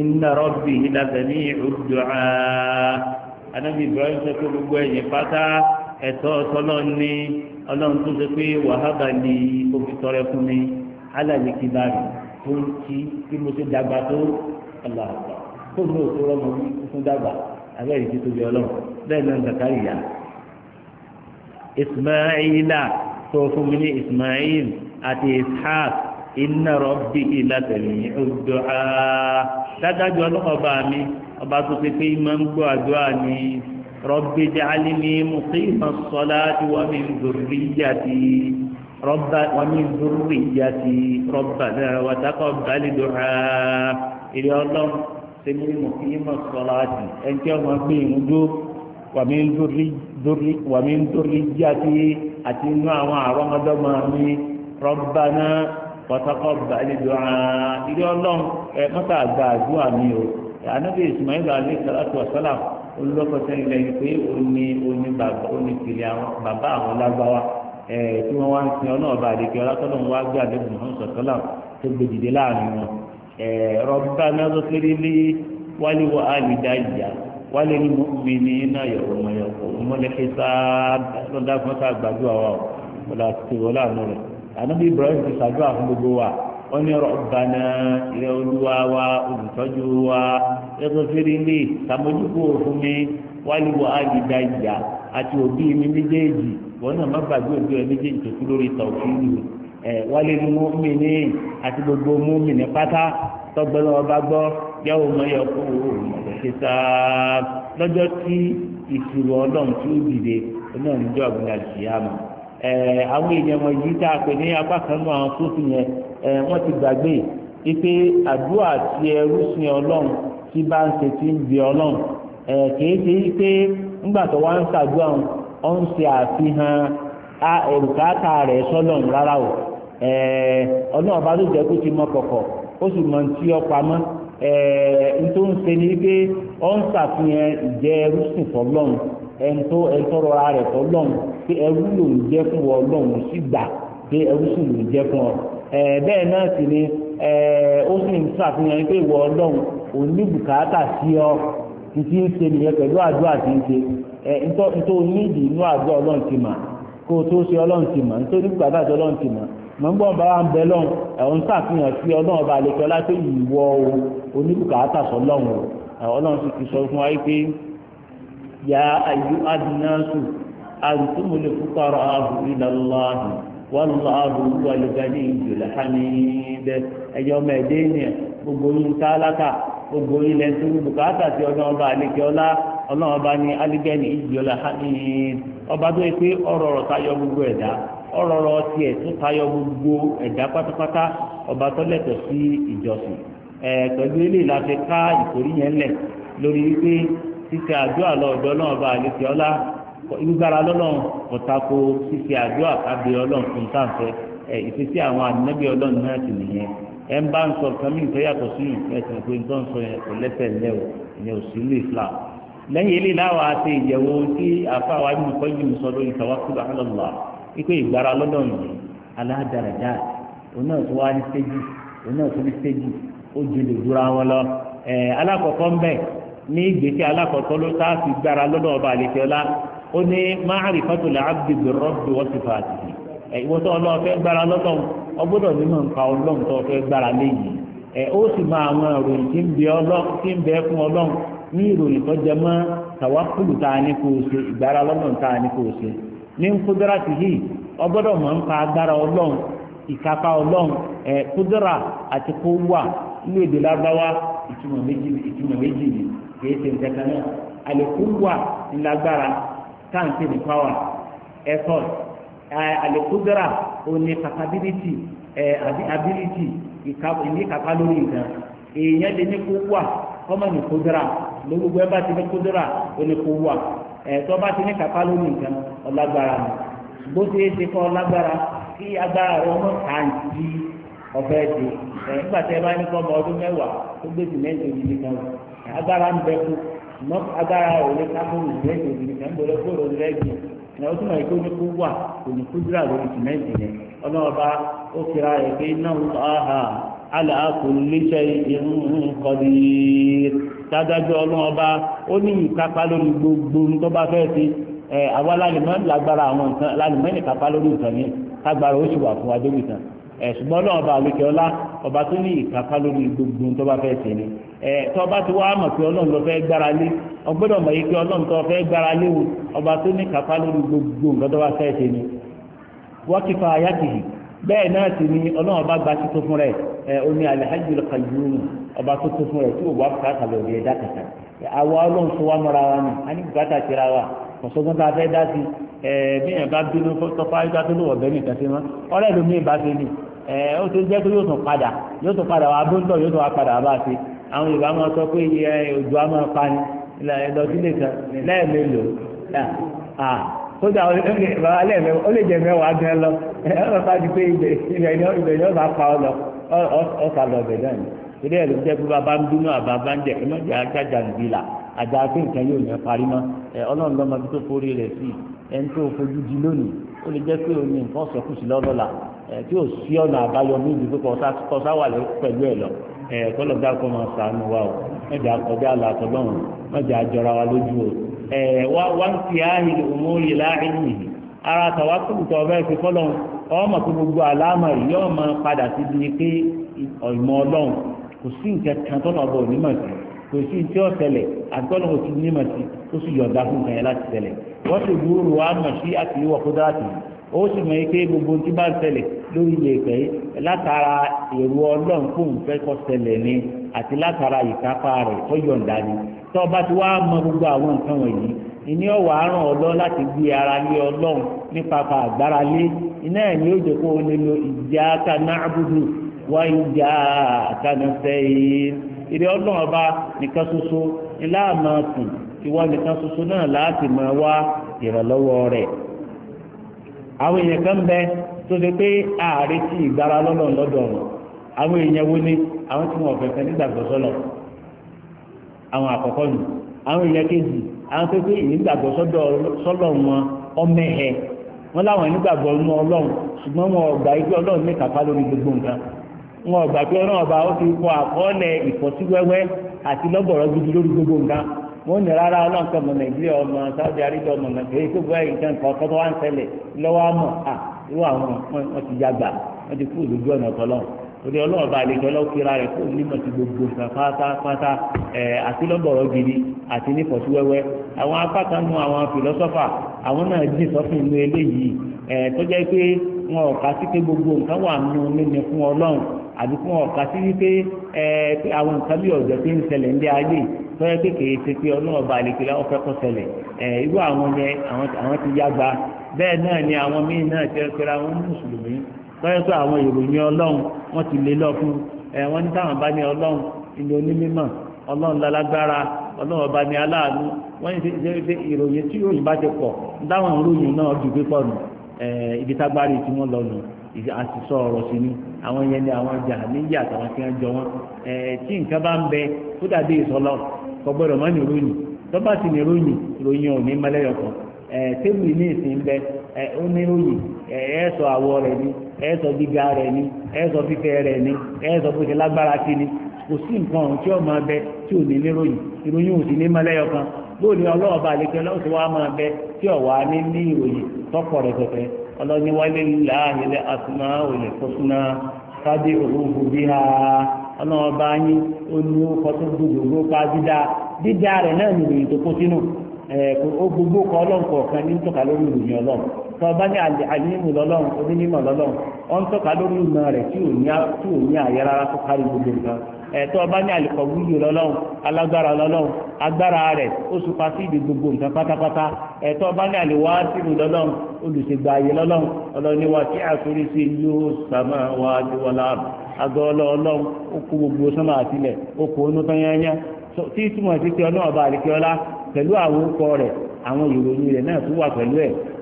inna rabbi la sami'ud du'a anabi ibrahim sọ pé gbogbo ẹ̀yìn pátá ẹ̀tọ́ ọ̀tọ́lọ́run ní ọlọ́run tó ṣe pé wahaba ni òfin tọrẹ fún mi ala kibari tó ń kí mo ṣe dàgbà tó ọlọ́run tó ń lò tó rọ́mọ fún dàgbà abẹ́rẹ́ ti tóbi ọlọ́run bẹ́ẹ̀ náà zakariya ismaila tó fún mi ní ismail àti ishaq iná rọ́bì ìlàtẹ̀lẹ̀ ní ọdọ́ dájájú ọlọ́ọ̀bá mi ọba tó ṣe pé máa ń gbọ́ àdúrà ní rọ́bì jáálí ní mùsùlùmí sọ́lá tí wọ́n mi ń dòrí yàtì rọ́bà wọ́n mi ń dòrí yàtì rọ́bà náà wàtákọ̀ bá lè dòrà ilé ọlọ́run sẹ́mi mọ̀ kí mọ̀ sọ́lá àti ẹnjẹ́ wọn gbé irun dó wàmí ń dórí jí àti àti inú àwọn àrọ́mọdọ́mọ mi rọ́bánà pọ̀tọ́kọ̀ balẹ̀dọ̀ àá ilé ọlọ́run ẹ mọ́tà àgbà àdúrà mi o ànábì Ismail alayhi salatu wa salam olùlọ́kọ̀tẹ́ ilẹ̀ yìí pé oní oní bàbá oní kìlẹ̀ àwọn bàbá àwọn lágbáwá ẹ̀ tí wọ́n wá ń sin ọ àdékẹ́ ọlọ́tọ́lọ́run ربنا اغفر لي ولوالدي وللمؤمنين يوم يقوم الحساب lọ́dá fún ká gbàdúrà wa ọ̀ ọ̀dà tìrọ láàánú rẹ̀ ànábì Ibrahim ti ṣàdúrà fún gbogbo wa wọ́n ní Rabbana ilẹ̀ olúwa wa olùtọ́jú wa ẹgbẹ́fẹ́rẹ́ ilé ìsàmójúkú fún mi wálìwalidayya wálé ní mọ́mí ní àti gbogbo mọ́mí ní pátá tọ́gbọ́n ọba gbọ́ yàwó mọ́yọ kó mọ̀tò ṣe sáà lọ́jọ́ tí ìṣirò ọlọ́run tí ó dìde náà níjọ́ àgbọ̀nà ìṣìyàmù àwọn èèyàn wọ̀nyí tá a pè ní apá kan náà àwọn sófin yẹn wọ́n ti gbàgbé pípé àdúrà tí ẹrú sin ọlọ́run tí bá ń ṣe ti ń bi ọlọ́run kìí ṣe pé ńgbà tó wá ń ṣàdúrà ó ń ṣe àfihàn èrùkàtà rẹ̀ sọ́lọ́run rárá o. ọ̀nà ọba ló jẹ́ kó ti mọ kọ̀kọ̀ ó sì mọ tí ọ pamọ́ ntó ń ṣe ni pé ọ ń ṣàfihàn ìjẹ ẹrú sùn fọlọ́run ẹ̀ńtọ́ ẹ̀ńtọ́rọ̀ rẹ̀ fọlọ́run pé ẹrú lòún jẹ́ fún ọ gbà pé ẹrú sùn ọ bẹ́ẹ̀ náà sì ni ó sì ń ṣàfihàn pé ìwọ ní bùkátà ọ títí ń ṣe nìyẹn pẹ̀lú àdúrà tí ń ṣe inú àdúrà ti mà kó o tó ṣe ọlọ́run ti ti mà mọ̀nbọ̀ bá wà ń bẹ lọ́n ẹ̀hún sàfihàn sí ọlọ́run ọba àlejò láti ìwọ oníbùkátà ọlọ́run sọ fún wa pé ya ẹ̀yọ́ ọmọ ẹ̀dẹ́ ènìyàn gbogbo yín tálákà gbogbo yín tó bùkátà sí ọlọ́run ọba àlejò ọlọ́run ọba ní ọba tó yẹ pé ọ̀rọ̀ ọ̀rọ̀ ọ̀rọ̀rọ̀ tiẹ̀ tó tayọ gbogbo ẹ̀dá pátápátá ọba tó sí ìjọsìn ẹ̀ pẹ̀lú eléyìí la ká ìkórí yẹn lẹ̀ lórí wípé ṣíṣe àdúrà náà ọba àlejò ọlá gbígbára lọ́lọ́run kọ̀tàkó ṣíṣe àdúrà kábíyẹ ọlọ́run fún táǹfẹ́ ẹ̀ àwọn ọlọ́run náà nìyẹn ẹ̀ ń bá ń sọ mí nǹkan yàtọ̀ sí sọ yẹn kò lẹ́sẹ̀ ikú ìgbára lọ́dọ̀ nù aládàradà òun náà tó wá ní stéjì o náà ní stéjì ó ju lòdúra wọn lọ ẹ alákọ̀ọ́kọ́ ń bẹ̀ ní ìgbésẹ̀ alákọ̀ọ́kọ́ ló sáà fi gbára lọ́dọ̀ ọba àlejò ọlá ó ní máàrí fatulah abdi birrabbi wa ẹ ìwọ́sọ fẹ́ gbára lọ́dọ̀ ọgbọ́dọ̀ nínú nǹkan ọlọ́run tó fẹ́ gbára léyìí ẹ ó sì máa ìròyìn tí ń bẹ ọlọ́ ní kúdúrà sí yìí ọgbọ́dọ̀ mọ̀ nípa agbára ọlọ́run ìkápá ọlọ́run àti èdè lágbáwá méjì méjì ni kìí ṣe nǹkan náà àlékú wà táǹtì ní pàwà effort àlékú dúrà òní capability ability ìkápá lórí nǹkan èèyàn lè ní kó wà kọ́mọ̀ lórí gbogbo ẹ bá ti ní ẹ̀tọ́ bá ti ní kápá lórí nǹkan ọlágbára mi bó ṣe é ṣe kọ́ ọlágbára kí agbára rẹ ọmọ kàǹtì ọ̀fẹ́ di ẹ̀ nígbà tí ẹ bá ní kọ́ ọmọ ọdún mẹ́wàá tó gbé sìmẹ́ǹtì òdìdí kan agbára ń bẹ kú mọ́ agbára ò ká fún sìmẹ́ǹtì kan gbọ́dọ̀ kó ní wà kò ní kú dúrà lórí sìmẹ́ǹtì ọlọ́ọ̀bá ó pé náà ń dájọ́ ọlọ́run ọba ó ní ìkápá lórí gbogbo ohun tó bá fẹ́ ti ẹ àwa lálùmọ́ lágbára àwọn nǹkan lálùmọ́ ìkápá lórí nǹkan yẹn kágbára ọba àlùkẹ́ ọlá ọba tó ní ìkápá lórí gbogbo ohun tó bá fẹ́ ti ni ẹ tó bá ti wá mọ̀ pé ọlọ́run fẹ́ gbára lé ọgbọ́dọ̀ mọ̀ yìí pé ọlọ́run tó fẹ́ gbára lé o gbogbo ni wọ́n bẹ́ẹ̀ náà sì ni ọlọ́run ọba gba títún fún rẹ ẹ omi alhajjul qayyum ọba tuntun fún rẹ tí òwò wá wa ni a ní bùkátà wa tá a fẹ́ dá sí ẹ bíyẹn bá bínú tọ́pá ìgbà tó nìkan ni ẹ ó ti jẹ́ pé yóò tún padà yóò tún padà yóò tún wá padà bá ṣe àwọn Yorùbá máa sọ pé òjò á máa pa ni kódà alẹ́ mẹ́wàá ó lè jẹ mẹ́wàá gan lọ ọ̀rọ̀ bá di pé ibẹ̀ ni ọ̀sà pa ọ lọ ọ̀sà lọ ọ̀bẹ̀ náà ni ilé ẹ̀rọ jẹ́ pé bàbá ń dúnú àbá bá ń jẹ ẹ mọ̀jẹ̀ ajájà nìbí là àjà pé nǹkan yóò yẹn parí mọ́ ẹ ọlọ́run lọ́mọ bí tó forí rẹ̀ sí ẹ̀ ń tó fojú di lónìí ó lè jẹ́ pé òun ní nǹkan sọ̀kù sí lọ́dọ̀là ẹ̀ tí ò sí ọ̀nà àbáyọ méjì pé kọ́sá wà pẹ̀lú ẹ̀ lọ ẹ̀ kọ́lọ́dà kọ́ máa sàánú wa o mọ̀jẹ̀ àkọ́jà làkọ́dọ̀rùn mọ̀jẹ̀ àjọra wa lójú o wọ́n ti áhì òmò ìlà ìlú ara tàwákùn tó ọbẹ̀ fi kọ́lọ̀ ọmọ tó gbogbo àlámà yìí yóò máa padà sí di pé ìmọ̀ ọlọ́run kò sí nǹkan kan tó lọ́bọ̀ onímọ̀ sí kò sí tí ó tẹ̀lẹ̀ àgbọ̀nà òsì onímọ̀ sí ó sì yọ̀ọ̀dá fún nǹkan yẹn láti tẹ̀lẹ̀ wọ́n ti gbúrú wa mọ̀ sí àti ìwọ̀ kó dára ó sì mọ̀ pé gbogbo tí bá ń tẹ̀lẹ̀ lórí ilẹ̀ ìpẹ́ látara èrò ọlọ́run fóun fẹ́ kọ́ tẹ̀lẹ̀ ni àti látara ìkápá rẹ̀ tó yọ̀ǹda ni tó bá ti wá mọ gbogbo àwọn nǹkan wọ̀nyí ìní ọ̀wà àrùn ọ̀dọ́ láti gbé ara lé ọlọ́run nípa pa àgbára lé iná ẹ̀ ní ó jẹ́ kó o lè lo ìjà kaná àbúrò wá ìjà kaná sẹ́yìn ìrẹ́ ọlọ́run ọba nìkan ṣoṣo ńlá máa sùn ìwọ nìkan ṣoṣo náà láti máa wá ìrànlọ́wọ́ rẹ̀ àwọn èèyàn kan bẹ tó ṣe pé ààrẹ ti ìgbára lọ́lọ́run lọ́dọ̀ ọ̀run àwọn èèyàn wo ni àwọn tí wọn fẹ̀fẹ̀ nígbàgbọ́ sọ́lọ̀ àwọn àkọ́kọ́ nù àwọn èèyàn kejì àwọn tó pé ìnígbàgbọ́ sọ́lọ̀ wọn ọmẹ́hẹ wọn láwọn ìnígbàgbọ́ ọlọ́run ṣùgbọ́n wọn ọgbà ọlọ́run ní kàfá lórí gbogbo nǹkan wọn ọba ó kọ àkọọ́lẹ̀ àti gidi lórí gbogbo nǹkan wọn ní rárá ọmọ òde ọlọ́ọ̀ba àlejò ọlọ́ọ̀kira rẹ̀ fún onímọ̀ ti gbogbo nǹkan pátápátá ẹ̀ àti lọ́bọ̀rọ̀ gidi àti nífọ̀sí wẹ́wẹ́ àwọn apákanu àwọn fìlọ́sọ́fà àwọn náà dì sọ́fìn inú eléyìí ẹ̀ tó jẹ́ pé wọn ò kà sí pé gbogbo nǹkan wà nù nínú fún ọlọ́run àbí fún wọn ò kà sí wípé ẹ̀ pé àwọn nǹkan bí ọ̀jọ̀ pé ń ṣẹlẹ̀ ní ayé tọ́yẹ kékeré ṣe pé ọlọ́ọ̀ba àlejò ọ̀fẹ́ kọ́ ṣẹlẹ̀ irú àwọn yẹn àwọn ti yá gba bẹ́ẹ̀ náà ni àwọn míì náà ti ẹ tọ́yẹ́ pé àwọn ìròyìn ọlọ́run wọ́n ti lé lọ fún ẹ ní táwọn bá ní ọlọ́run ilé onímọ̀ ọlọ́run lálágbára ọlọ́run ọba ní aláàánú wọ́n ní ṣe ìròyìn ìròyìn ibi tágbárí tí wọ́n lọ nù ọ̀rọ̀ sí ni àwọn yẹn àwọn níyì àtàwọn tí wọ́n jọ wọn tí nǹkan bá ń bẹ ní ìròyìn oníròyìn ẹ̀ẹ́sọ àwọ̀ rẹ̀ ni ẹ̀ẹ́sọ gíga rẹ̀ ni ẹ̀ẹ́sọ fífẹ̀ rẹ̀ ni lagbara bó ṣe lágbára sí ni kò sí nǹkan tí ó máa bẹ tí ò ní níròyìn ìròyìn ò ní kan bó ọlọ́wọ́ bá wá máa bẹ tí ọ̀wá ní ní ìròyìn tọ́pọ̀ rẹ̀ ọlọ́ni gbogbo kọ́ ọlọ́nkọ̀ọ̀kan ní tọ́ka lórí ìròyìn ọlọ́run tọ bá ní àlímù lọ́lọ́run onímọ̀ lọ́lọ́run wọ́n tọ́ka lórí ìmọ̀ rẹ̀ tí ò ní àyè rárá tó kárí gbogbo nǹkan ẹ̀tọ́ bá ní àlùkò wúlò lọ́lọ́run alágbára gbogbo nǹkan pátápátá ẹ̀tọ́ bá ní àlùwá sínú lọ́lọ́run olùṣègbà ayé lọ́lọ́run ọlọ́ni wa kí sí yóò sàmà wá ọlọ́run ó gbogbo sọ́mà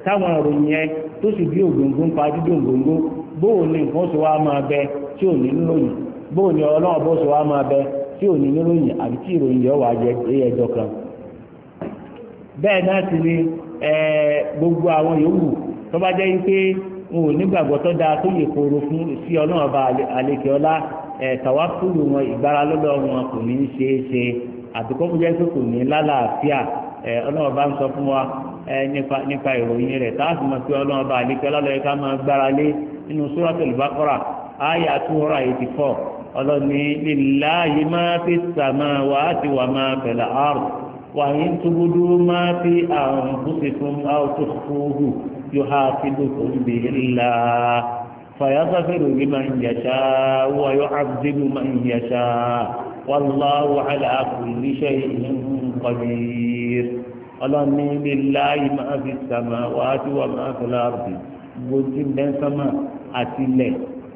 táwọn ìròyìn yẹn tó sì bí ògòǹgò ń pa dídí ògòǹgò bóò ni nǹkan oṣù wa máa bẹ tí ò ni ọlọ́run bó oṣù wa máa bẹ tí ò ní níròyìn àbí tí ìròyìn yẹn wà jẹ ẹjọ́ kan. bẹ́ẹ̀ náà sì ni gbogbo àwọn yòówù tó bá jẹ́ pé n ò nígbàgbọ́ tó dáa tó yè kóró nípa ìròyìn rẹ̀ táàfù mọ̀ pé ọlọ́run ọba àdìkẹ́ lọ́lọ́yẹ ká máa gbára lé nínú Suratul Baqara àyà two hundred eighty four ọlọ́ni lillahi máa fi samawati wa máa fil ard wa in tubudu máa fi anfusikum aw tukhfuhu yuhasibukum bihi Allah فيغفر لمن يشاء ويعذب من يشاء والله على كل شيء قدير ọlọ́ni lillahi ma fi samawati wa ma fil àti ilẹ̀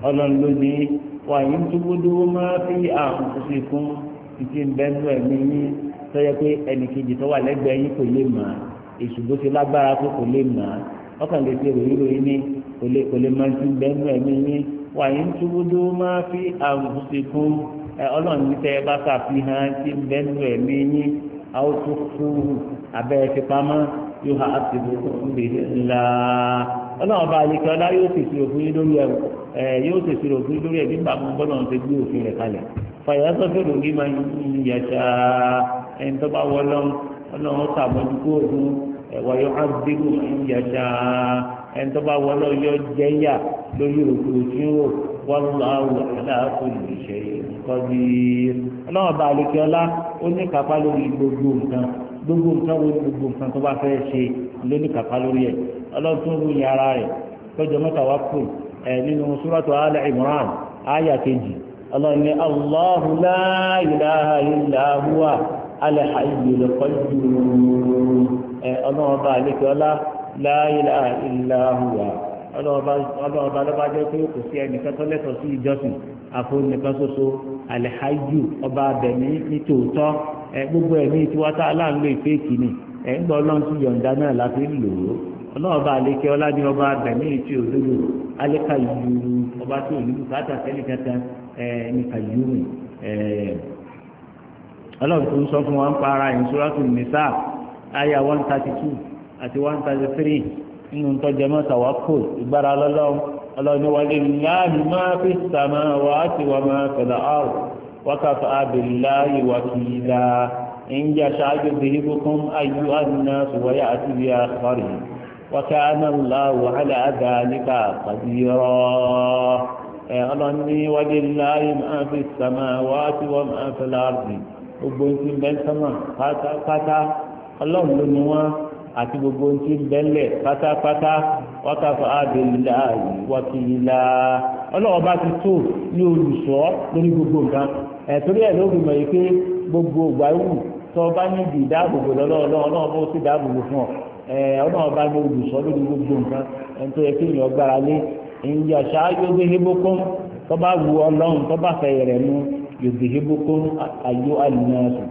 ọlọ́ni túbúdú máa fi àwọn òṣìṣẹ́ fún títí bẹ́ńsọ́ ẹ̀mí yín sọ́yẹ́ pé ẹnì kejì tó wà lẹ́gbẹ̀ẹ́ yín kò lè mà á èṣù bó ti lágbára pé kò lè mà á ọkàn lè ṣe ròyìn ròyìn ní kò lè máa ti bẹ́ńsọ́ ẹ̀mí yín wà yín túbúdú máa fi àwọn òṣìṣẹ́ fún ọlọ́ni tẹ́ bá ṣàfihàn ti ẹ̀mí àwọn tó kú abẹ́ fipamọ́ yóò ha ti bò ó lè la ọlọ́run bá yẹ kí ọlá yóò tètè òfin lórí ẹ yóò tètè òfin lórí ẹ nígbà mú bọ́lá ń fi gbé òfin rẹ̀ kalẹ̀ fàyà sọ́fẹ́ lòdì máa ń yàtà ẹni tó bá wọ́ ọlọ́run ọlọ́run sàmójúkú òfin ẹ̀wọ̀ yóò hàn bíbù ìyàtà ẹni tó bá wọlé yọ jẹ́yà lórí òkú tí ó wọ́n lọ àwọn aláàfo lè ṣe nǹkan bí ọlọ́wọ́n bá àlùkí ọlá ó ní kápá lórí gbogbo nǹkan gbogbo nǹkan wo gbogbo nǹkan tó bá fẹ́ ṣe ló ní kápá lórí ẹ̀ ọlọ́run tó ń ròyìn ara rẹ̀ tọ́jọ́ mẹ́ta wá kù ẹ̀ nínú súrọ́tò alẹ́ Imran áyà kejì ọlọ́run ní Allahu la ilaha illa alẹ́ àyè lọ́kọ́ ìdúró ọlọ́wọ́n ọba àlejò ọlá la ilaha illa ọba jẹ́ pé kò sí ẹnìkan tó lẹ́tọ̀ọ́ sí ìjọsìn àfọwọ́nìkan soso alihaju ọba abẹ̀mí nítòótọ́ gbogbo ẹ̀mí tiwọ́tá aláǹlò ìfẹ́ẹ̀kì ni ẹ̀ ń gbọ́ ọlọ́run sí yọ̀ǹda náà láti lò ó ọlá ní ọba abẹ̀mí òdodo ọba tó ìlú àyà 132 àti 133 nínú tọ́jẹmọ́ tàwákò ìgbára lọ́lọ́run ọlọ́ni wọlé láàrin máa fi sàmà wà á ti wà máa fẹ̀lá àrùn wákàtà àbìlá ìwà kìíla ń yà ṣáájú bìrìbùkún ayú àdínà ṣùgbọ́yà àti bí àkọrì wákàánà láwù hálà àdáníkà kàbírọ́ ọlọ́ni wọlé láàrin máa fi sàmà wà á ti wà máa fẹ̀lá àrùn gbogbo ìsìn bẹ́ńsọ́mà pátá ọlọ́run ló ní wọ́n àti gbogbo ohun tí bẹ́lẹ̀ pátápátá wákàtí àbẹ̀lá wákìlá ọlọ́run bá ti tó ní olùṣọ́ lórí gbogbo nǹkan ẹ̀tọ́rí ẹ̀ ló mọ̀ yìí pé gbogbo ògbà tó bá ní ìdí ìdáàbòbò lọ́lọ́ọ̀lọ́ ọlọ́run bó ti dáàbòbò fún ọ ọlọ́run bá ní lórí gbogbo nǹkan ẹni tó yẹ kí èèyàn gbára lé ìyá ṣáájú tó bá wu ọlọ́run tó bá mú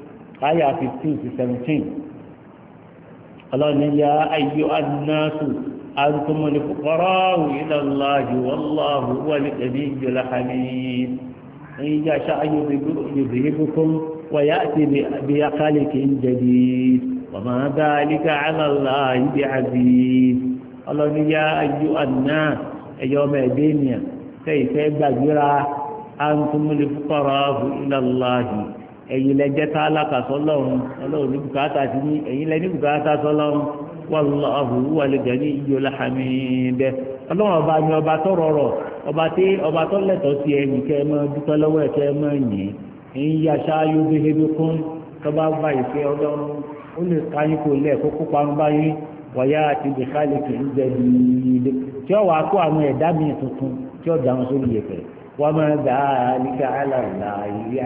àyà 15 to seventeen ọlọ́ni yá ayé anáṣù àrùtọ́mọ́ni fọ́kọ́rọ́wù ìlàláhì wọ́láhù wọ́lé ẹ̀bí ìjọba hamid ẹ̀yìn yá ṣáájú yòbìrìbùkún wọ́yá àti bí akálẹ̀kì ń jẹ̀bi wàmà dáálíkà àlàláhì bí àbí ọlọ́ni yá ayé anáṣù ẹ̀yọ́ ọmọ ẹ̀dẹ́ ènìyàn fẹ́ ìfẹ́ gbàgbéra ẹ̀yin lẹ jẹ́ tálákà sọ́lọ́run ọlọ́run ní bùkátà sí ní ẹ̀yin lẹ ní bùkátà sọ́lọ́run wallahu wal ganiyyul hamid ọlọ́run ọba ni ọba tó rọrọ̀ ọba tí ọba tó lẹ́tọ̀ọ́ sí ẹnì kẹ́ ẹ máa dúpẹ́ lọ́wọ́ ẹ̀ kẹ́ ẹ máa yìn ń yá aṣáájú bíhébí kún tọ́ba bá ìfẹ́ ọlọ́run ó lè ka yín kó lẹ̀ kó kópa bá yín wọ̀yá àti bìkálì kì í jẹ bíi tí ó wàá kó àwọn ẹ̀dá mi tuntun tí ó dáhùn sórí yẹpẹ̀ wọ́n máa gbà á níkà á làlàyé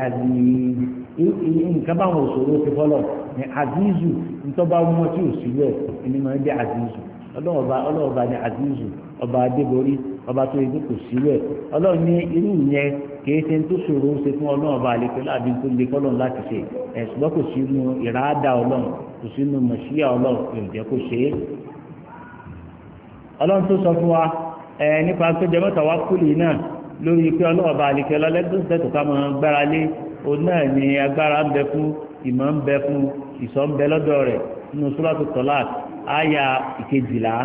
nǹkan báwọn òṣòro ti fọlọ ní azizu ntọ́ba wọn tí ò sí lẹ̀ ẹni máa ń jẹ́ azizu ọlọ́ọ̀ba ọlọ́ọ̀ba ní azizu ọba adébórí ọba tó yẹ kó sí lẹ̀ ọlọ́ọ̀ ní irú yẹn kìí ṣe tó ṣòro ṣe fún ọlọ́ọ̀ba àlekẹ́ láàbí tó lè kọ́ láti ṣe ẹ̀sùnbọ́n kò sínú ìràádá ọlọ́run kò sínú mọ̀ṣíyà ọlọ́run kò jẹ́ kó ṣe é ọlọ́run òun náà ni agbára ń bẹ fún ìmọ̀ ń bẹ fún ìsọ̀ ń bẹ lọ́dọ̀ rẹ̀ nínú suratul talaq àyà ìkejìlá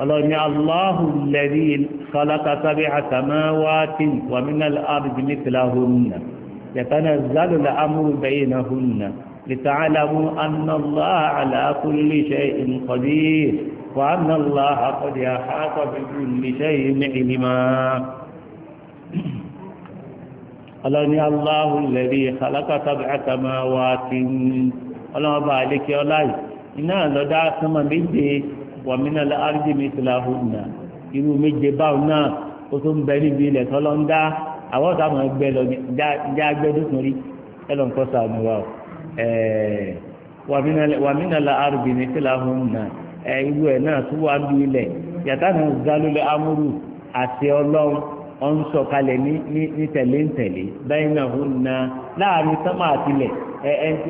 ọlọ́ni aláhùn lẹ́rí khalaqa sab'a samawati wa minal ardi mithlahunna yatanazzalu al-amru baynahunna لتعلموا أن الله على كل شيء قدير وأن الله قد أحاط بكل شيء علما ọlọ́ni aláhùn lẹ́rí alákàtàbí àtàmáwá ti ń ọlọ́wọ́ bá àlékè ọláì iná lọ́dá sánmà méje wàmínà láàrídì mẹ́tìláhù nà irú méje báwọn náà ó tó ń bẹ níbi ilẹ̀ tọ́lọ́ ń dá àwọn ọ̀tá àwọn ẹgbẹ́ lọ já gbẹ́dúkùn rí ẹlọ́n kọ́ sàánú wa ọ wàmínà láàrídì mẹ́tìláhù nà irú ẹ̀ náà tó wà ní ilẹ̀ yàtá náà zálólẹ̀ amúrù àti ọlọ́run ọ̀n sọ̀kalẹ̀ ní tẹ̀lé ń tẹ̀lé bẹ́ẹ̀ náà ń na láàrin sánmà àtìlẹ̀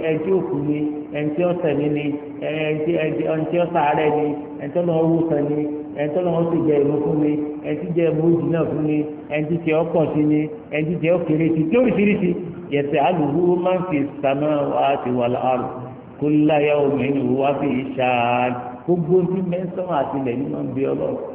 ẹ̀ǹtí òkú ni ẹ̀ǹtí ọ̀sẹ̀ni ni ẹ̀ǹtí ọ̀sàárẹ̀ ni ẹ̀ǹtí ọ̀nàwọ́sẹ̀ ni ẹ̀ǹtí ọ̀nàwọ́sẹ̀ jẹ́ ìlú fún mi ẹ̀ǹtí jẹ́ ìmúdì náà fún mi ẹ̀ǹtí jẹ́ ọkàn sí ni ẹ̀ǹtí jẹ́ òkèrè sí tí oríṣiríṣi yẹ̀sẹ̀ alùpùpù máa ń fi sàmà wá ti wà láàrù kó láyà omi ìwà fi ṣáà gbogbo ti mẹ́sàn-án àtìlẹ̀ ní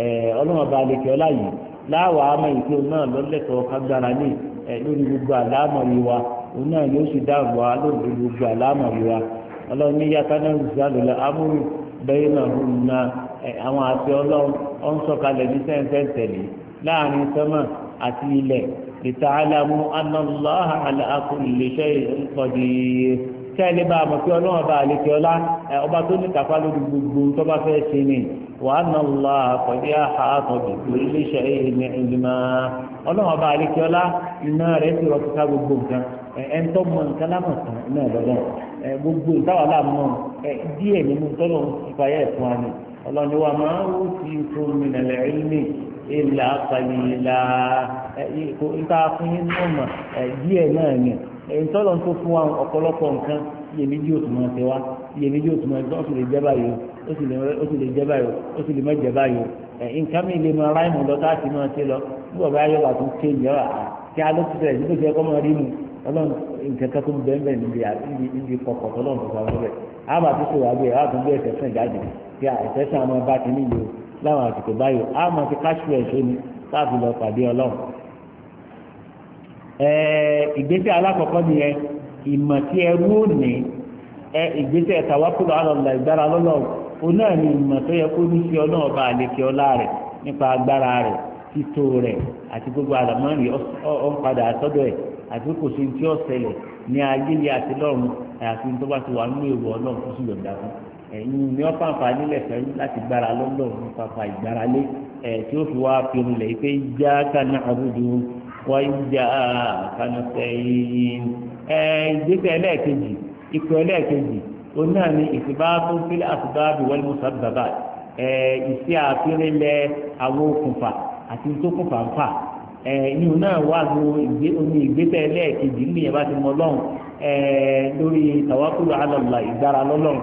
ọlọ́run ọba àlekè ọlá yìí láwa ama ìpè náà lọ́lẹ́tọ̀ọ́ kágbára ní lórí gbogbo àlámọ̀ yìí wa òun náà yóò sì dáàbò wa lórí gbogbo àlámọ̀ yìí wa ọlọ́run ní yàtọ̀ náà zàlù lọ amúrù bẹ́ẹ̀ náà àwọn àti ọlọ́run ọ̀ ń sọ̀kalẹ̀ ní láàrin sọ́mà àti ilẹ̀ kẹ́ẹ̀lẹ́ bá a mọ̀ pé ọlọ́run ọba ọba tó ní kápá gbogbo tó bá fẹ́ ṣe ni wa anna Allaha qad ahata bi kulli shay'in ilma ọlọ́run ọba a ọlá iná rẹ̀ ti rọ kíkà gbogbo nǹkan ẹ̀ ń tọ́ mọ nǹkan lámọ̀ iná ìbọ̀dọ̀ gbogbo díẹ̀ nínú tọ́lọ̀ ọlọ́run ẹ̀yìn tọ́lọ̀ tó fún wa ọ̀pọ̀lọpọ̀ nǹkan iyèméjì ò tún máa ṣe wá iyèméjì ò tún máa gbọ́ ó sì lè jẹ́ báyìí ó sì lè jẹ́ báyìí ó sì lè má jẹ́ báyìí ẹ̀yìn nǹkan mi lè máa ráìmù lọ káàkiri máa ṣe lọ nígbà bá yọ̀bà tó ké ìyá kí a ló ti tẹ̀lé nígbà tí ẹ kọ́ máa rí mu ọlọ́run nǹkan kan tó ń bẹ́ẹ̀ bẹ́ẹ̀ níbi níbi kọ̀kọ̀ tọ́lọ́run tó sáré rẹ̀ àbá tó ṣe wà bẹ́ẹ̀ àbá tó gbé ẹ̀sẹ̀ sàn jáde kí ẹ̀sẹ̀ sàn máa bá ti níyì o láwọn ìgbésẹ̀ alákọ̀ọ́kọ́ ẹ ìmọ̀ tí ẹrú ò ẹ ìgbésẹ̀ tawakkul ala Allah ìgbára lọ́lọ́ o náà ni ìmọ̀ tó yẹ kó ní sí ọ náà àlekè ọlá rẹ̀ nípa agbára rẹ̀ títò rẹ̀ àti gbogbo àtọ́dọ̀ ẹ̀ àti kò sí ti ọ̀sẹ̀lẹ̀ ní ayé yẹ àti lọ́run àti tó bá ti wà nínú ọlọ́run tó sì ẹ̀yin ni nílẹ̀ fẹ́ láti gbára nípa tí wọ́n ìjà kanusẹ́yìn ẹ ìgbésẹ̀ ẹlẹ́ẹ̀kejì ikú ẹlẹ́ẹ̀kejì òun náà ni ìsìbáàbò fílẹ̀ àsìbáàbò wal musabbabat ẹ ìsí àfihànlẹ̀ àwọn okùnfà àti ìtókùnfà ń fà ẹ inú náà wà ló omi ìgbésẹ̀ ẹlẹ́ẹ̀kejì níyẹn bá ti mọ lọ́hùn lórí tawakkul ala ìgbára lọ́lọ́hùn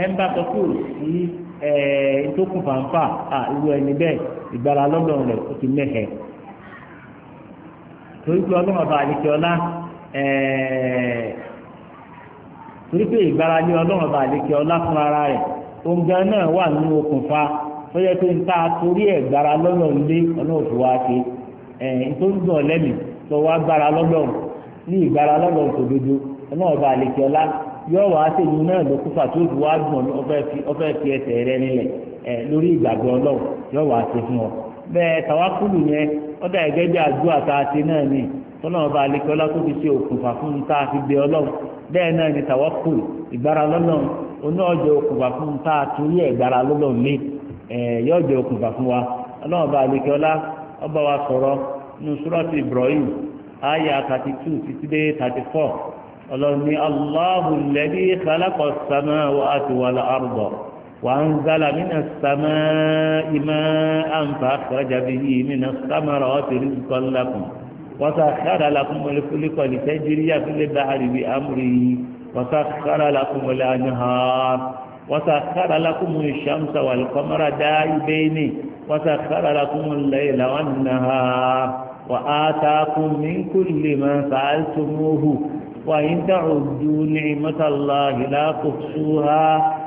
ẹ ń bá tọ́kù sí ìtókùnfà ń ìwọ ẹni bẹ́ẹ̀ ìgbára torí pé ọlọ́run ọba àlekè torí ìgbára ní ọlọ́run ọba àlekè ọlá fún ara rẹ̀ náà wà nínú okùnfà ó yẹ n ta torí ẹ̀ gbára lé ọlọ́run wa tó ń ọ̀lẹ́mì tó wá gbára ní ìgbára tó dodo ọlọ́run ọba ọlá wá náà ló gbọ̀n ọfẹ́ ẹsẹ̀ rẹ nílẹ̀ lórí ìgbàgbọ́ ọlọ́run ọ ẹ̀gẹ́ bí àdúrà tá a ti náà ni tọ́lọ́mọ bá alẹ́ tó fi ṣe òkùnfà fún un tá a fi bẹ ọlọ́run bẹ́ẹ̀ náà ni tàwọ́kù ìgbára lọ́lọ́run oní ọjọ́ òkùnfà fún un tá a tún yẹ ìgbára lọ́lọ́run wa ọlọ́run bá ọba wa títí dé وأنزل من السماء ماء فأخرج به من الثمرات رزقا لكم وسخر لكم الفلك لتجري في البحر بأمره وسخر لكم الأنهار وسخر لكم الشمس والقمر دائبين وسخر لكم الليل والنهار وآتاكم من كل ما سألتموه وإن تعدوا نعمة الله لا تحصوها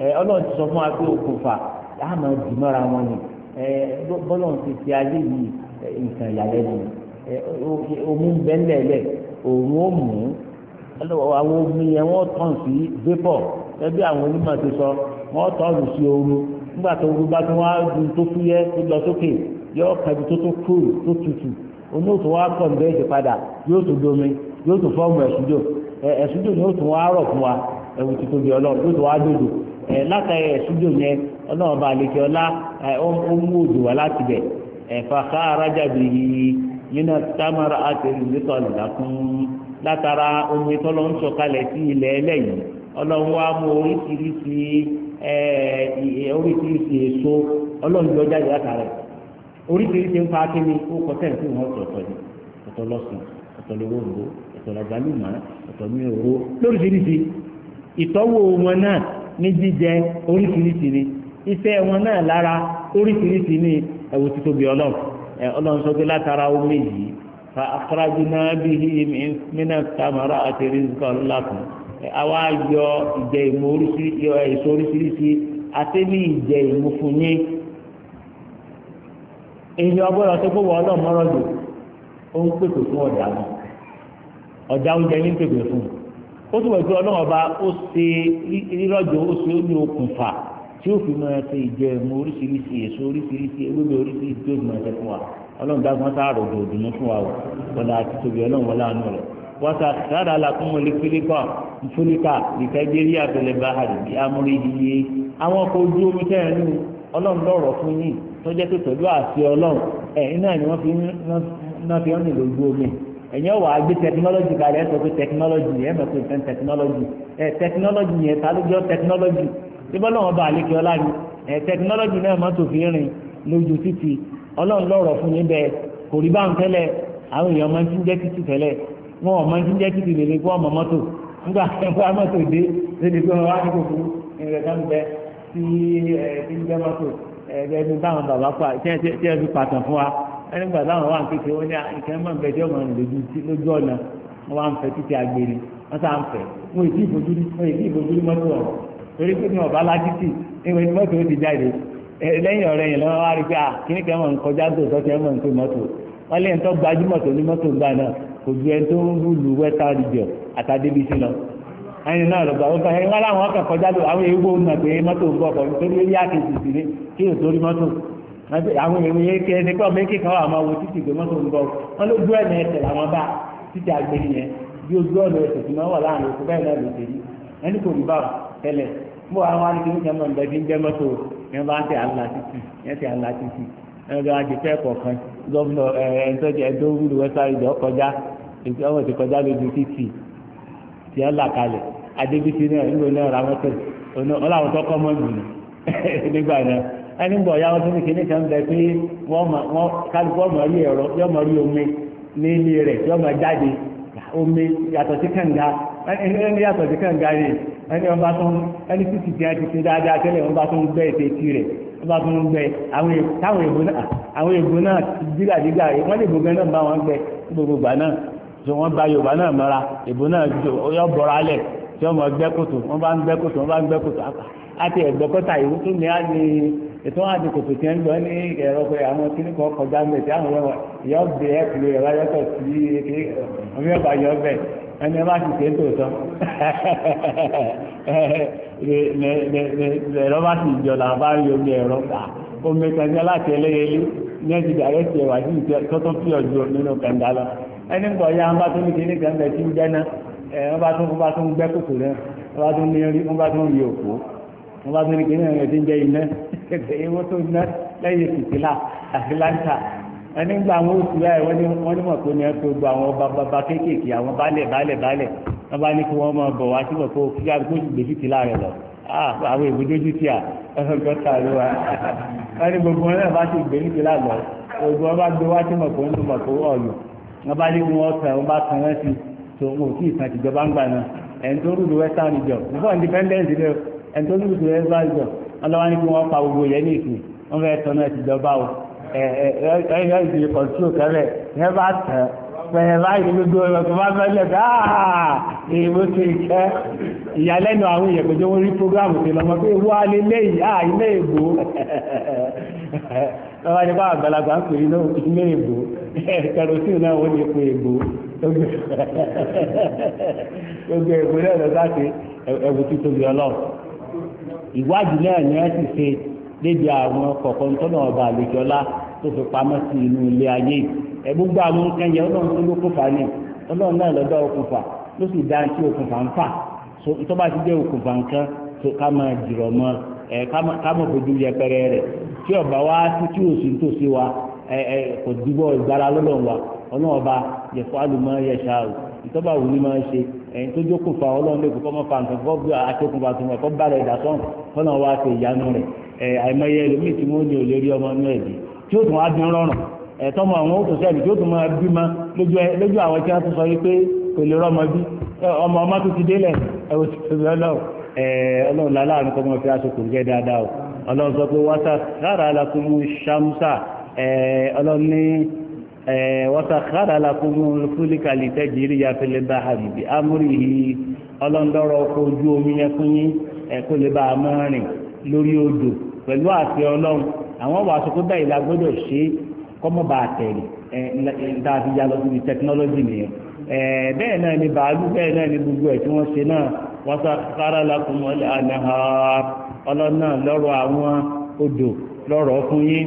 ọlọ́run ti sọ fún wa pé okùnfà á máa dì mọ́ra wọn ni bọ́lọ́run ti fi ayé yìí nǹkan ìyàlẹ́nu omi ń òun ó mú àwọn omi yẹn wọ́n tàn sí vapor ẹbí àwọn onímọ̀ ti sọ wọ́n sí ooru nígbà tó bá wá tó tó lọ sókè yọ tó tó kúrò tó tutù kọ̀ ní bẹ́ẹ̀ padà yóò domi yóò fọ́ọ̀mù ni ẹ̀wù ti tóbi ọlọ́run tó tó wá dòdò ẹ̀ látàrí ẹ̀sùjò yẹn ọlọ́run bá àlejò ọlá ó mú òjò wá láti bẹ̀ ẹ̀fà káàrà jáde yìí nínú támàrà àtẹ̀rù nítọ̀ làkún látara omi tọ́lọ́ sọ̀kalẹ̀ sí ilẹ̀ ẹlẹ́yìn ọlọ́run wá mú oríṣiríṣi oríṣiríṣi èso ọlọ́run yọ jáde látara oríṣiríṣi ń fa kíni ó kọ tẹ̀sí wọn ọ̀tọ̀ọ̀tọ̀ ọ̀tọ̀ ìtọ́wò wọn náà ní jíjẹ oríṣiríṣi ni iṣẹ́ wọn náà lára oríṣiríṣi ni ẹ̀wù títóbi ọlọ́run ọlọ́run sọ pé látara omi yìí fa akọ́rajúná bíi mínà tamara àti rizikọ́ ńlákùn àwa yọ ìjẹ ìmú oríṣiríṣi èso oríṣiríṣi àti ìjẹ ìmú fún yín èyí ọgbọ́dọ̀ tó gbówó ọlọ́run ó ń ó tún wọ̀ pé ọlọ́run ọba ó ṣe rírọ̀jò ó ṣe ó ní okùnfà tí ó fi máa ṣe ìjẹun oríṣiríṣi èso oríṣiríṣi ewébẹ̀ oríṣiríṣi tó fi máa ṣe fún wa ọlọ́run dágbọ́n sáàrò òdò òdùnú fún wa o wọlé àti tóbi ọlọ́run wọlé àánú rẹ̀ wọ́n sá sára làkún mọ́lẹ́ fílíkà fúlíkà ìkẹ́jẹ́rì àtẹlẹ báhàrì bí amúrí yíyé àwọn ọkọ̀ ojú omi tẹ́ẹ̀nù ọlọ́run lọ́rọ̀ fún yín tó jẹ́ pé pẹ̀lú àṣẹ ọlọ́run ẹ̀ iná ni wọ́n fi ń rìn lójú omi ẹ̀yin ọ̀wà gbé tẹkinọ́lọ́jì kalẹ̀ ẹ̀ sọ pé tẹkinọ́lọ́jì ẹ̀ mọ̀ pé nǹkan tẹkinọ́lọ́jì ẹ̀ tẹkinọ́lọ́jì yẹn ta ló jọ tẹkinọ́lọ́jì síbẹ̀ ọlọ́run bá àlékè ọlá ni ẹ̀ tẹkinọ́lọ́jì náà má tò fi rìn lójú títì ọlọ́run lọ́rọ̀ fún yín bẹ́ẹ̀ kò rí bá ń tẹ́lẹ̀ àwọn èèyàn máa ń jẹ́ títì tẹ́lẹ̀ wọn ò máa ń jẹ́ títì lè lè kó ọmọ mọ́tò nígbà ẹ̀kọ́ mọ́tò dé lédè pé wọn wá ní kòkó ìrẹ̀ kan tí ẹ̀ ti ń jẹ́ mọ́tò ẹ̀ ẹ̀ bàbá pa tí ẹ fi pàtàn fún wa ẹni gbà táwọn wà ń kékeré wọn ní ìkẹ́ mọ̀ nbẹ tí lójú ọ̀nà wọn títí agbèrè wọn ń fẹ́ wọn èyí ìfojú wọn èyí ìfojú mọ́tò ọ̀rọ̀ torí pé ní ọ̀bá mọ́tò ti jáde lẹ́yìn ọ̀rẹ́ yẹn lọ́wọ́ wá rí pé kíní kẹ́ mọ̀ kọjá àwọn pé mọ́tò àwọn èrò yẹn kí ẹni kọ́ méjì kan wà máa wo títì gbé mọ́tò ń bọ̀ wọ́n ló gbọ́ ẹ̀nà ẹsẹ̀ làwọn bá títì àgbèrè yẹn bí ojú ọ̀nà ẹsẹ̀ tí wọ́n wà láàrin oṣù bẹ́ẹ̀ náà ló ṣe rí ẹni kò rí báwò tẹ́lẹ̀ mo àwọn anìkí níta mọ̀ nígbà tí ń jẹ́ mọ́tò yẹn bá ń tẹ̀ àlá títì yẹn tẹ̀ àlá títì ẹni tó ajé fẹ́ kọ̀ọ̀kan gọ́vnọ̀ ẹ̀ẹ́dẹ́gbẹ̀ẹ́ ẹ̀dọ́ wúlò wẹ́sàrì jọ kọjá ọmọ ti kọjá lójú títì tí ẹ là kalẹ̀ adébísí náà nígbà náà ra mọ́tò ọ̀làwọ̀n tó kọ́ mọ́ jù nígbà náà ẹni bọ̀ ya wọn tó ní kíní kan bẹ pé wọ́n kálukọ́ ọmọ rí ẹ̀rọ yọ ọmọ rí omi ní ilé rẹ̀ yọ ọmọ jáde omi yàtọ̀ sí kànga ẹni yàtọ̀ sí kànga rẹ̀ ẹni wọn bá tún ẹni títí tí a ti ṣe dáadáa tẹ́lẹ̀ wọn bá tún gbẹ́ ètè tí rẹ̀ wọn bá tún gbẹ́ àwọn èbó náà àwọn èbó náà dígàdígà wọn lè gbogbo náà bá wọn gbẹ gbogbo gbà náà tó wọn bá yorùbá náà mọ́ra èbó náà yọ bọ̀rọ̀ alẹ̀ tí wọn gbẹ́ kòtò wọn bá ń gbẹ́ kòtò wọn bá ń gbẹ́ kòtò àti ẹ̀gbẹ́ kọ́tà á ní ètò wọn àdìkò tó tiẹ̀ ń gbọ́ ní ẹ̀rọ pé àwọn kíní kan kọjá ń bẹ̀ tí àwọn ẹ̀wọ̀n yọ bẹ ẹ̀ kúlò ẹ̀rọ ayọ́tọ̀ sí eke ọmọ ẹ̀bà yọ bẹ̀ ẹni ẹ bá ti ṣe é tòótọ́ ẹ̀rọ bá ti jọ là bá rí omi ẹ̀rọ gbà omi kẹjọ láti ẹlẹ́yẹlé ní ẹ̀sìn dàrẹ́ ti ẹ̀wà sí tọ́tọ́ fi ọ̀jọ́ nínú kẹ̀ǹdà lọ ẹni ń gbọ́ ń bá tó ní kíní kẹ̀ǹdà tí ń jẹ́ náà ẹ̀ wọ́n bá tó ń gbẹ́ kòkòrò náà wọ́n bá tó ń rí òkú wọ́n bá tóri kìíní ẹ̀rọ ti ń jẹ iná ẹ̀fẹ̀ ewó tó ná lẹ́yìn fìtílà àti láńtà ẹni gba àwọn oṣù rẹ̀ wọ́n ní mọ̀ pé ní ẹ tó gba àwọn ọba bàbá kéékèèké àwọn baálẹ̀ baálẹ̀ baálẹ̀ wọ́n bá ní kí wọ́n máa bọ̀ wá síbọ̀ kó kí kó gbé fìtílà rẹ̀ lọ ah, àwọn ìbúdójú tí a ọgọ́ tààrí wa wọ́n ní gbogbo wọn náà bá ti gbé fìtílà lọ gbogbo wọn bá gbé wá sí mọ̀kó ń mọ̀ kó ọ̀lù ẹ̀ ẹni tó níbi tòun ẹgbẹ́ àjọ ọlọ́wọ́ ní kí wọ́n pa gbogbo yẹn ní ìsìn wọ́n fẹ́ tọ́nà ẹ̀sìn ìjọba o ẹ̀yọ́ ìdílé kọ̀ǹtúrò kẹ́lẹ̀ ẹ bá tẹ̀ pẹ̀lẹ́ báyìí gbogbo ẹ̀kọ́ bá fẹ́ lẹ̀ gáà èèwọ̀ ṣe ìkẹ́ ìyàlẹ́nu àwọn èèyàn pẹ̀jọ́ wọn rí prógráàmù ti lọ́mọ pé wọ́n á lé léyìí à ilé ìbò lọ́wọ́ nípa àgbàlagbà ń pè ní ilé ìbò kẹrosíì náà wọ́n lè pe ìbò gbogbo ìbò náà lọ sáà ti ẹ̀wù ìwádìí náà ni wọ́n ti ṣe débi àwọn kọ̀ọ̀kan tó náà ọba àlejòlá tó fi pamọ́ sí inú ilé ayé ẹ gbogbo àwọn nǹkan ọlọ́run tó ló ọlọ́run náà lọ́dọ̀ okùnfà ló sì dá sí okùnfà ń fà tó bá ti okùnfà nǹkan ká máa jìrọ̀ mọ́ ẹ ká fojú tí ọba wa tí tí o sì ń wa ẹ ẹ kò dúbọ̀ ìgbára lọ́dọ̀ wa ẹ̀yin tó jókòó fa ọlọ́run lẹ́kọ̀ọ́ kọ́ mọ́ fa nǹkan kọ́ bí akékun bá tún ẹ̀kọ́ bá rẹ̀ dà sọ́n kọ́nà wá ṣe ìyanu rẹ̀ ẹ̀ àìmọye ẹlòmíì tí wọ́n ní olè rí ọmọ inú ẹ̀dí tí ó tún wá dín rọrùn ẹ̀tọ́ mọ àwọn òtún sẹ́ẹ̀lì tí ó tún máa bí ma lójú àwọn tí wọ́n tún sọ wípé kò lè rọmọ bí ọmọ ọmọ tó ti délẹ̀ ẹ̀wọ̀n ti fi ọlọ́run ọlọ́run láláàánú kọ́ mọ́ fi aṣọ kò gẹ́ dáadáa wọ́sàkárà lákúnmú fúlíkà lè tẹ́jìrì ya fi lè bá àrìbí amúrìhì ọlọ́ndọ́rọ̀ ọkọ̀ ojú omi yẹn fún yín ẹ̀kọ́ lè bá amọ́rin lórí odò pẹ̀lú àti ọlọ́run àwọn wàásù tó bẹ́ẹ̀ la ṣe kọ́mọ́bà àtẹ̀lẹ̀ tá a fi ya lọ síbi tẹkinọ́lọ́jì nìyẹn bẹ́ẹ̀ náà ni bàálù bẹ́ẹ̀ náà ni gbogbo ẹ̀ tí wọ́n ṣe náà wọ́sàkárà lákúnmú ọlọ́run náà lọ́rọ̀ àwọn odò lọ́rọ̀ fún yín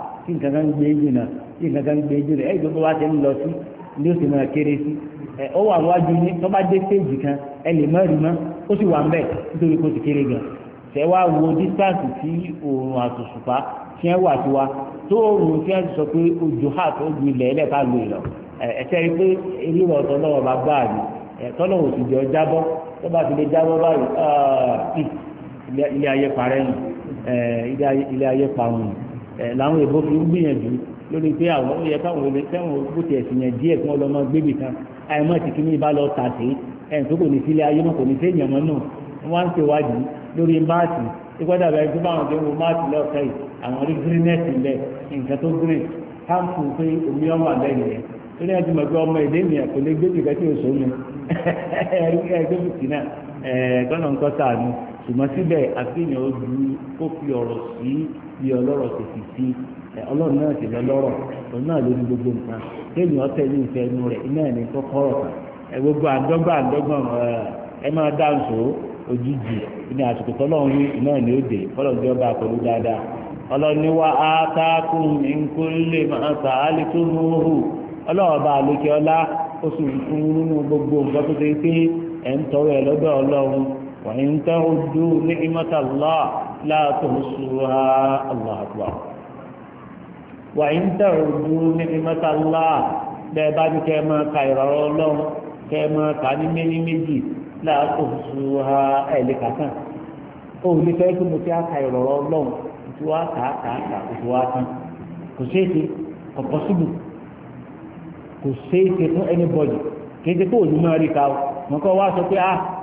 kí n kan gbé jìnnà kí nǹkan kan gbé jìnnà ẹ̀ gbogbo wa ti lọ sí ní o sì máa kéré sí ẹ ó wà wájú ní tó dé kan ẹ lè má rí mọ́ ó sì wà ń bẹ̀ nítorí kó ti kéré gan ṣe wá wo distance tí oòrùn tí ẹ wà tiwa tó oòrùn tí ẹ sọ pé ojú heart ojú ilẹ̀ lẹ́ka lò ìlọ pé bá sì jábọ́ tó bá ti lè jábọ́ báyìí ilé làwọn èèbó fi ń gbìyànjú lórí pé àwọn ó yẹ káwọn olè tẹ́wọ̀n bó ti ẹ̀sìn yẹn díẹ̀ kí wọ́n lọ mọ gbébì kan àìmọ́ ti kí ní ibà lọ tà sí ẹ̀ǹ tó kò ní sílé ayé náà kò ní séèyàn mọ́ náà wọ́n á ń ṣèwádìí lórí máàtì ìgbọ́dọ̀ bẹ̀rẹ̀ tó bá wọn tó ń wo máàtì lọ́ọ̀kẹ́ yìí àwọn orí gírínẹ́ẹ̀tì lẹ̀ nǹkan tó gírìn káàpù pé omi ọmọ àbẹ́ nìyẹn torí ẹni tí mo gbé ọmọ èdè nìyẹn kò lè gbé nìkan tí ò sómi ẹ̀ẹ́dẹ́gbẹ̀tì náà ẹ̀ẹ́dọ́nà ń kọ́ sáà ni ṣùgbọ́n síbẹ̀ àfihàn ojú ó fi ọ̀rọ̀ sí bí ọlọ́rọ̀ kò sì sí ọlọ́run náà sì lọ́lọ́rọ̀ òun náà gbogbo nǹkan kéèyàn tẹ̀lé ìfẹ́ inú rẹ̀ iná ẹ̀ ní kọ́kọ́rọ̀ ẹ gbogbo àdọ́gbà àdọ́gbà ẹ máa dáǹsó òjijì ní àsìkò tọ́lọ́run iná ní òde ọlọ́run وإن تعدوا نعمة الله لا تحصوها الله أكبر وإن تعدوا نعمة الله bẹ́ẹ̀ bá ní kẹ́ ẹ máa ka ìrọ̀rọ̀ ọlọ́run kẹ́ ẹ máa kà ní méjì méjì láàkó ṣùṣùwà ẹ̀ẹ́dẹ́kàtàn ó ní fẹ́ kí mo ti á ka ìrọ̀rọ̀ ọlọ́run kò wá kà á kà á kà kò wá tán kò ṣeé ṣe kò pọ́sibù kò ṣeé ṣe fún ẹnibọ̀dì kì í ṣe kó òní máa rí ka o mọ̀ kọ́ wá sọ pé ah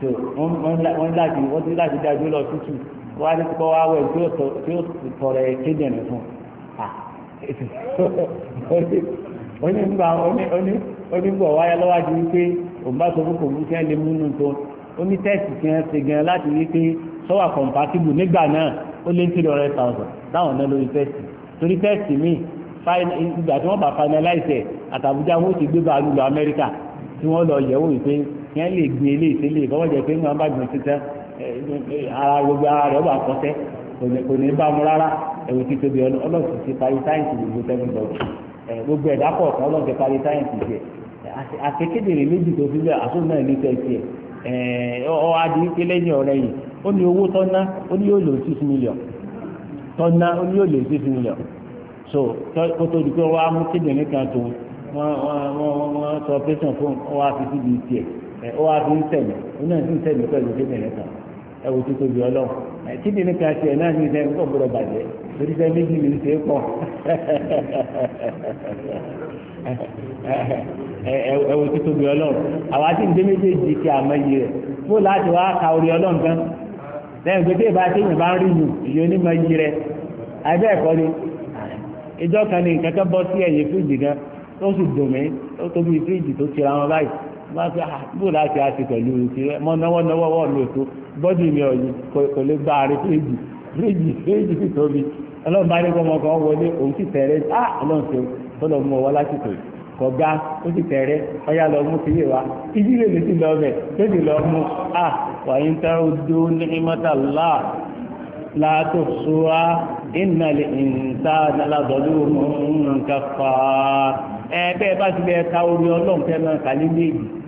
tó wọ́n láti wọ́n ti láti dájú lọ tútù wọ́n á ní kọ́ wá wẹ̀ tí ó tọrẹ kéjẹ̀rẹ̀ fún onígbà onígbà wáyé lọ́wájú wípé òun bá sọ fún kò wípé lè múnú tó oní tẹ́ẹ̀sì kí wọ́n ṣe gan láti wípé sọ́wà compatible nígbà náà ó lé sí lọ́rẹ́ thousand táwọn náà lórí tẹ́ẹ̀sì torí tẹ́ẹ̀sì míì ìgbà tí wọ́n bá finalize ẹ̀ àtàbújá wọn ó ti gbé bàálù lọ Amẹ́ríkà tí wọ́n lọ yẹ̀wò wípé kí wọ́n lè gbin ilé ìtẹ́lẹ̀ kọ́wọ́ jẹ́ pé wọ́n bá gbin títẹ́ ara gbogbo ara rẹ̀ wà kọ́tẹ́ kò ní bá mu rárá ẹ̀wù ti tóbi ọlọ́sùn ti parí sáyẹ̀nsì gbogbo tẹ́lẹ̀ lọ́wọ́ gbogbo ẹ̀dá kọ̀ọ̀kan ọlọ́sùn ti parí sáyẹ̀nsì jẹ àtẹ̀kédèrè méjì tó fi bẹ́ẹ̀ àtúntò náà ní tẹ̀sí ẹ̀ ọ adi pé lẹ́yìn ọ̀rẹ́ yìí ó ní owó tọ́ná ó ní yóò lò six million tọ́ná ó ní yóò lò six million so kó tó di pé wọ́n á mú kédèrè kan tó wọ́n wọ́n wọ́n sọ pẹ́sàn fún wọ́n á fi síbi tiẹ̀ E ó ń tẹ̀lé òun náà ń tẹ̀lé pẹ̀lú kébìnrin kan ẹ wò tóbi ọlọ́run ẹ kíbi ní ká tiẹ̀ náà ní gbọ́dọ̀ bàjẹ́ méjì ní ìṣe pọ̀ tóbi ọlọ́run àwa ń méjèèjì kí a mọyì rẹ̀ fún láti wá ka orí ọlọ́run gan lẹ́yìn pé bí bá ń rí yùn ìyẹn abẹ́ ẹ̀kọ́ ni ìjọ kan ní bọ́ máa fi àbúrò láti àti pẹ̀lú mọ́ bọ́dì mi kò lè gba àrí tóbi ọlọ́run bá ní kọ́ ọmọkàn wọlé òun sì tẹ̀rẹ́ á ọlọ́run tó mú ọwọ́ ó sì tẹ̀rẹ́ ọyá lọ mú ìdí lè lè sí lọ bẹ̀ lọ mú à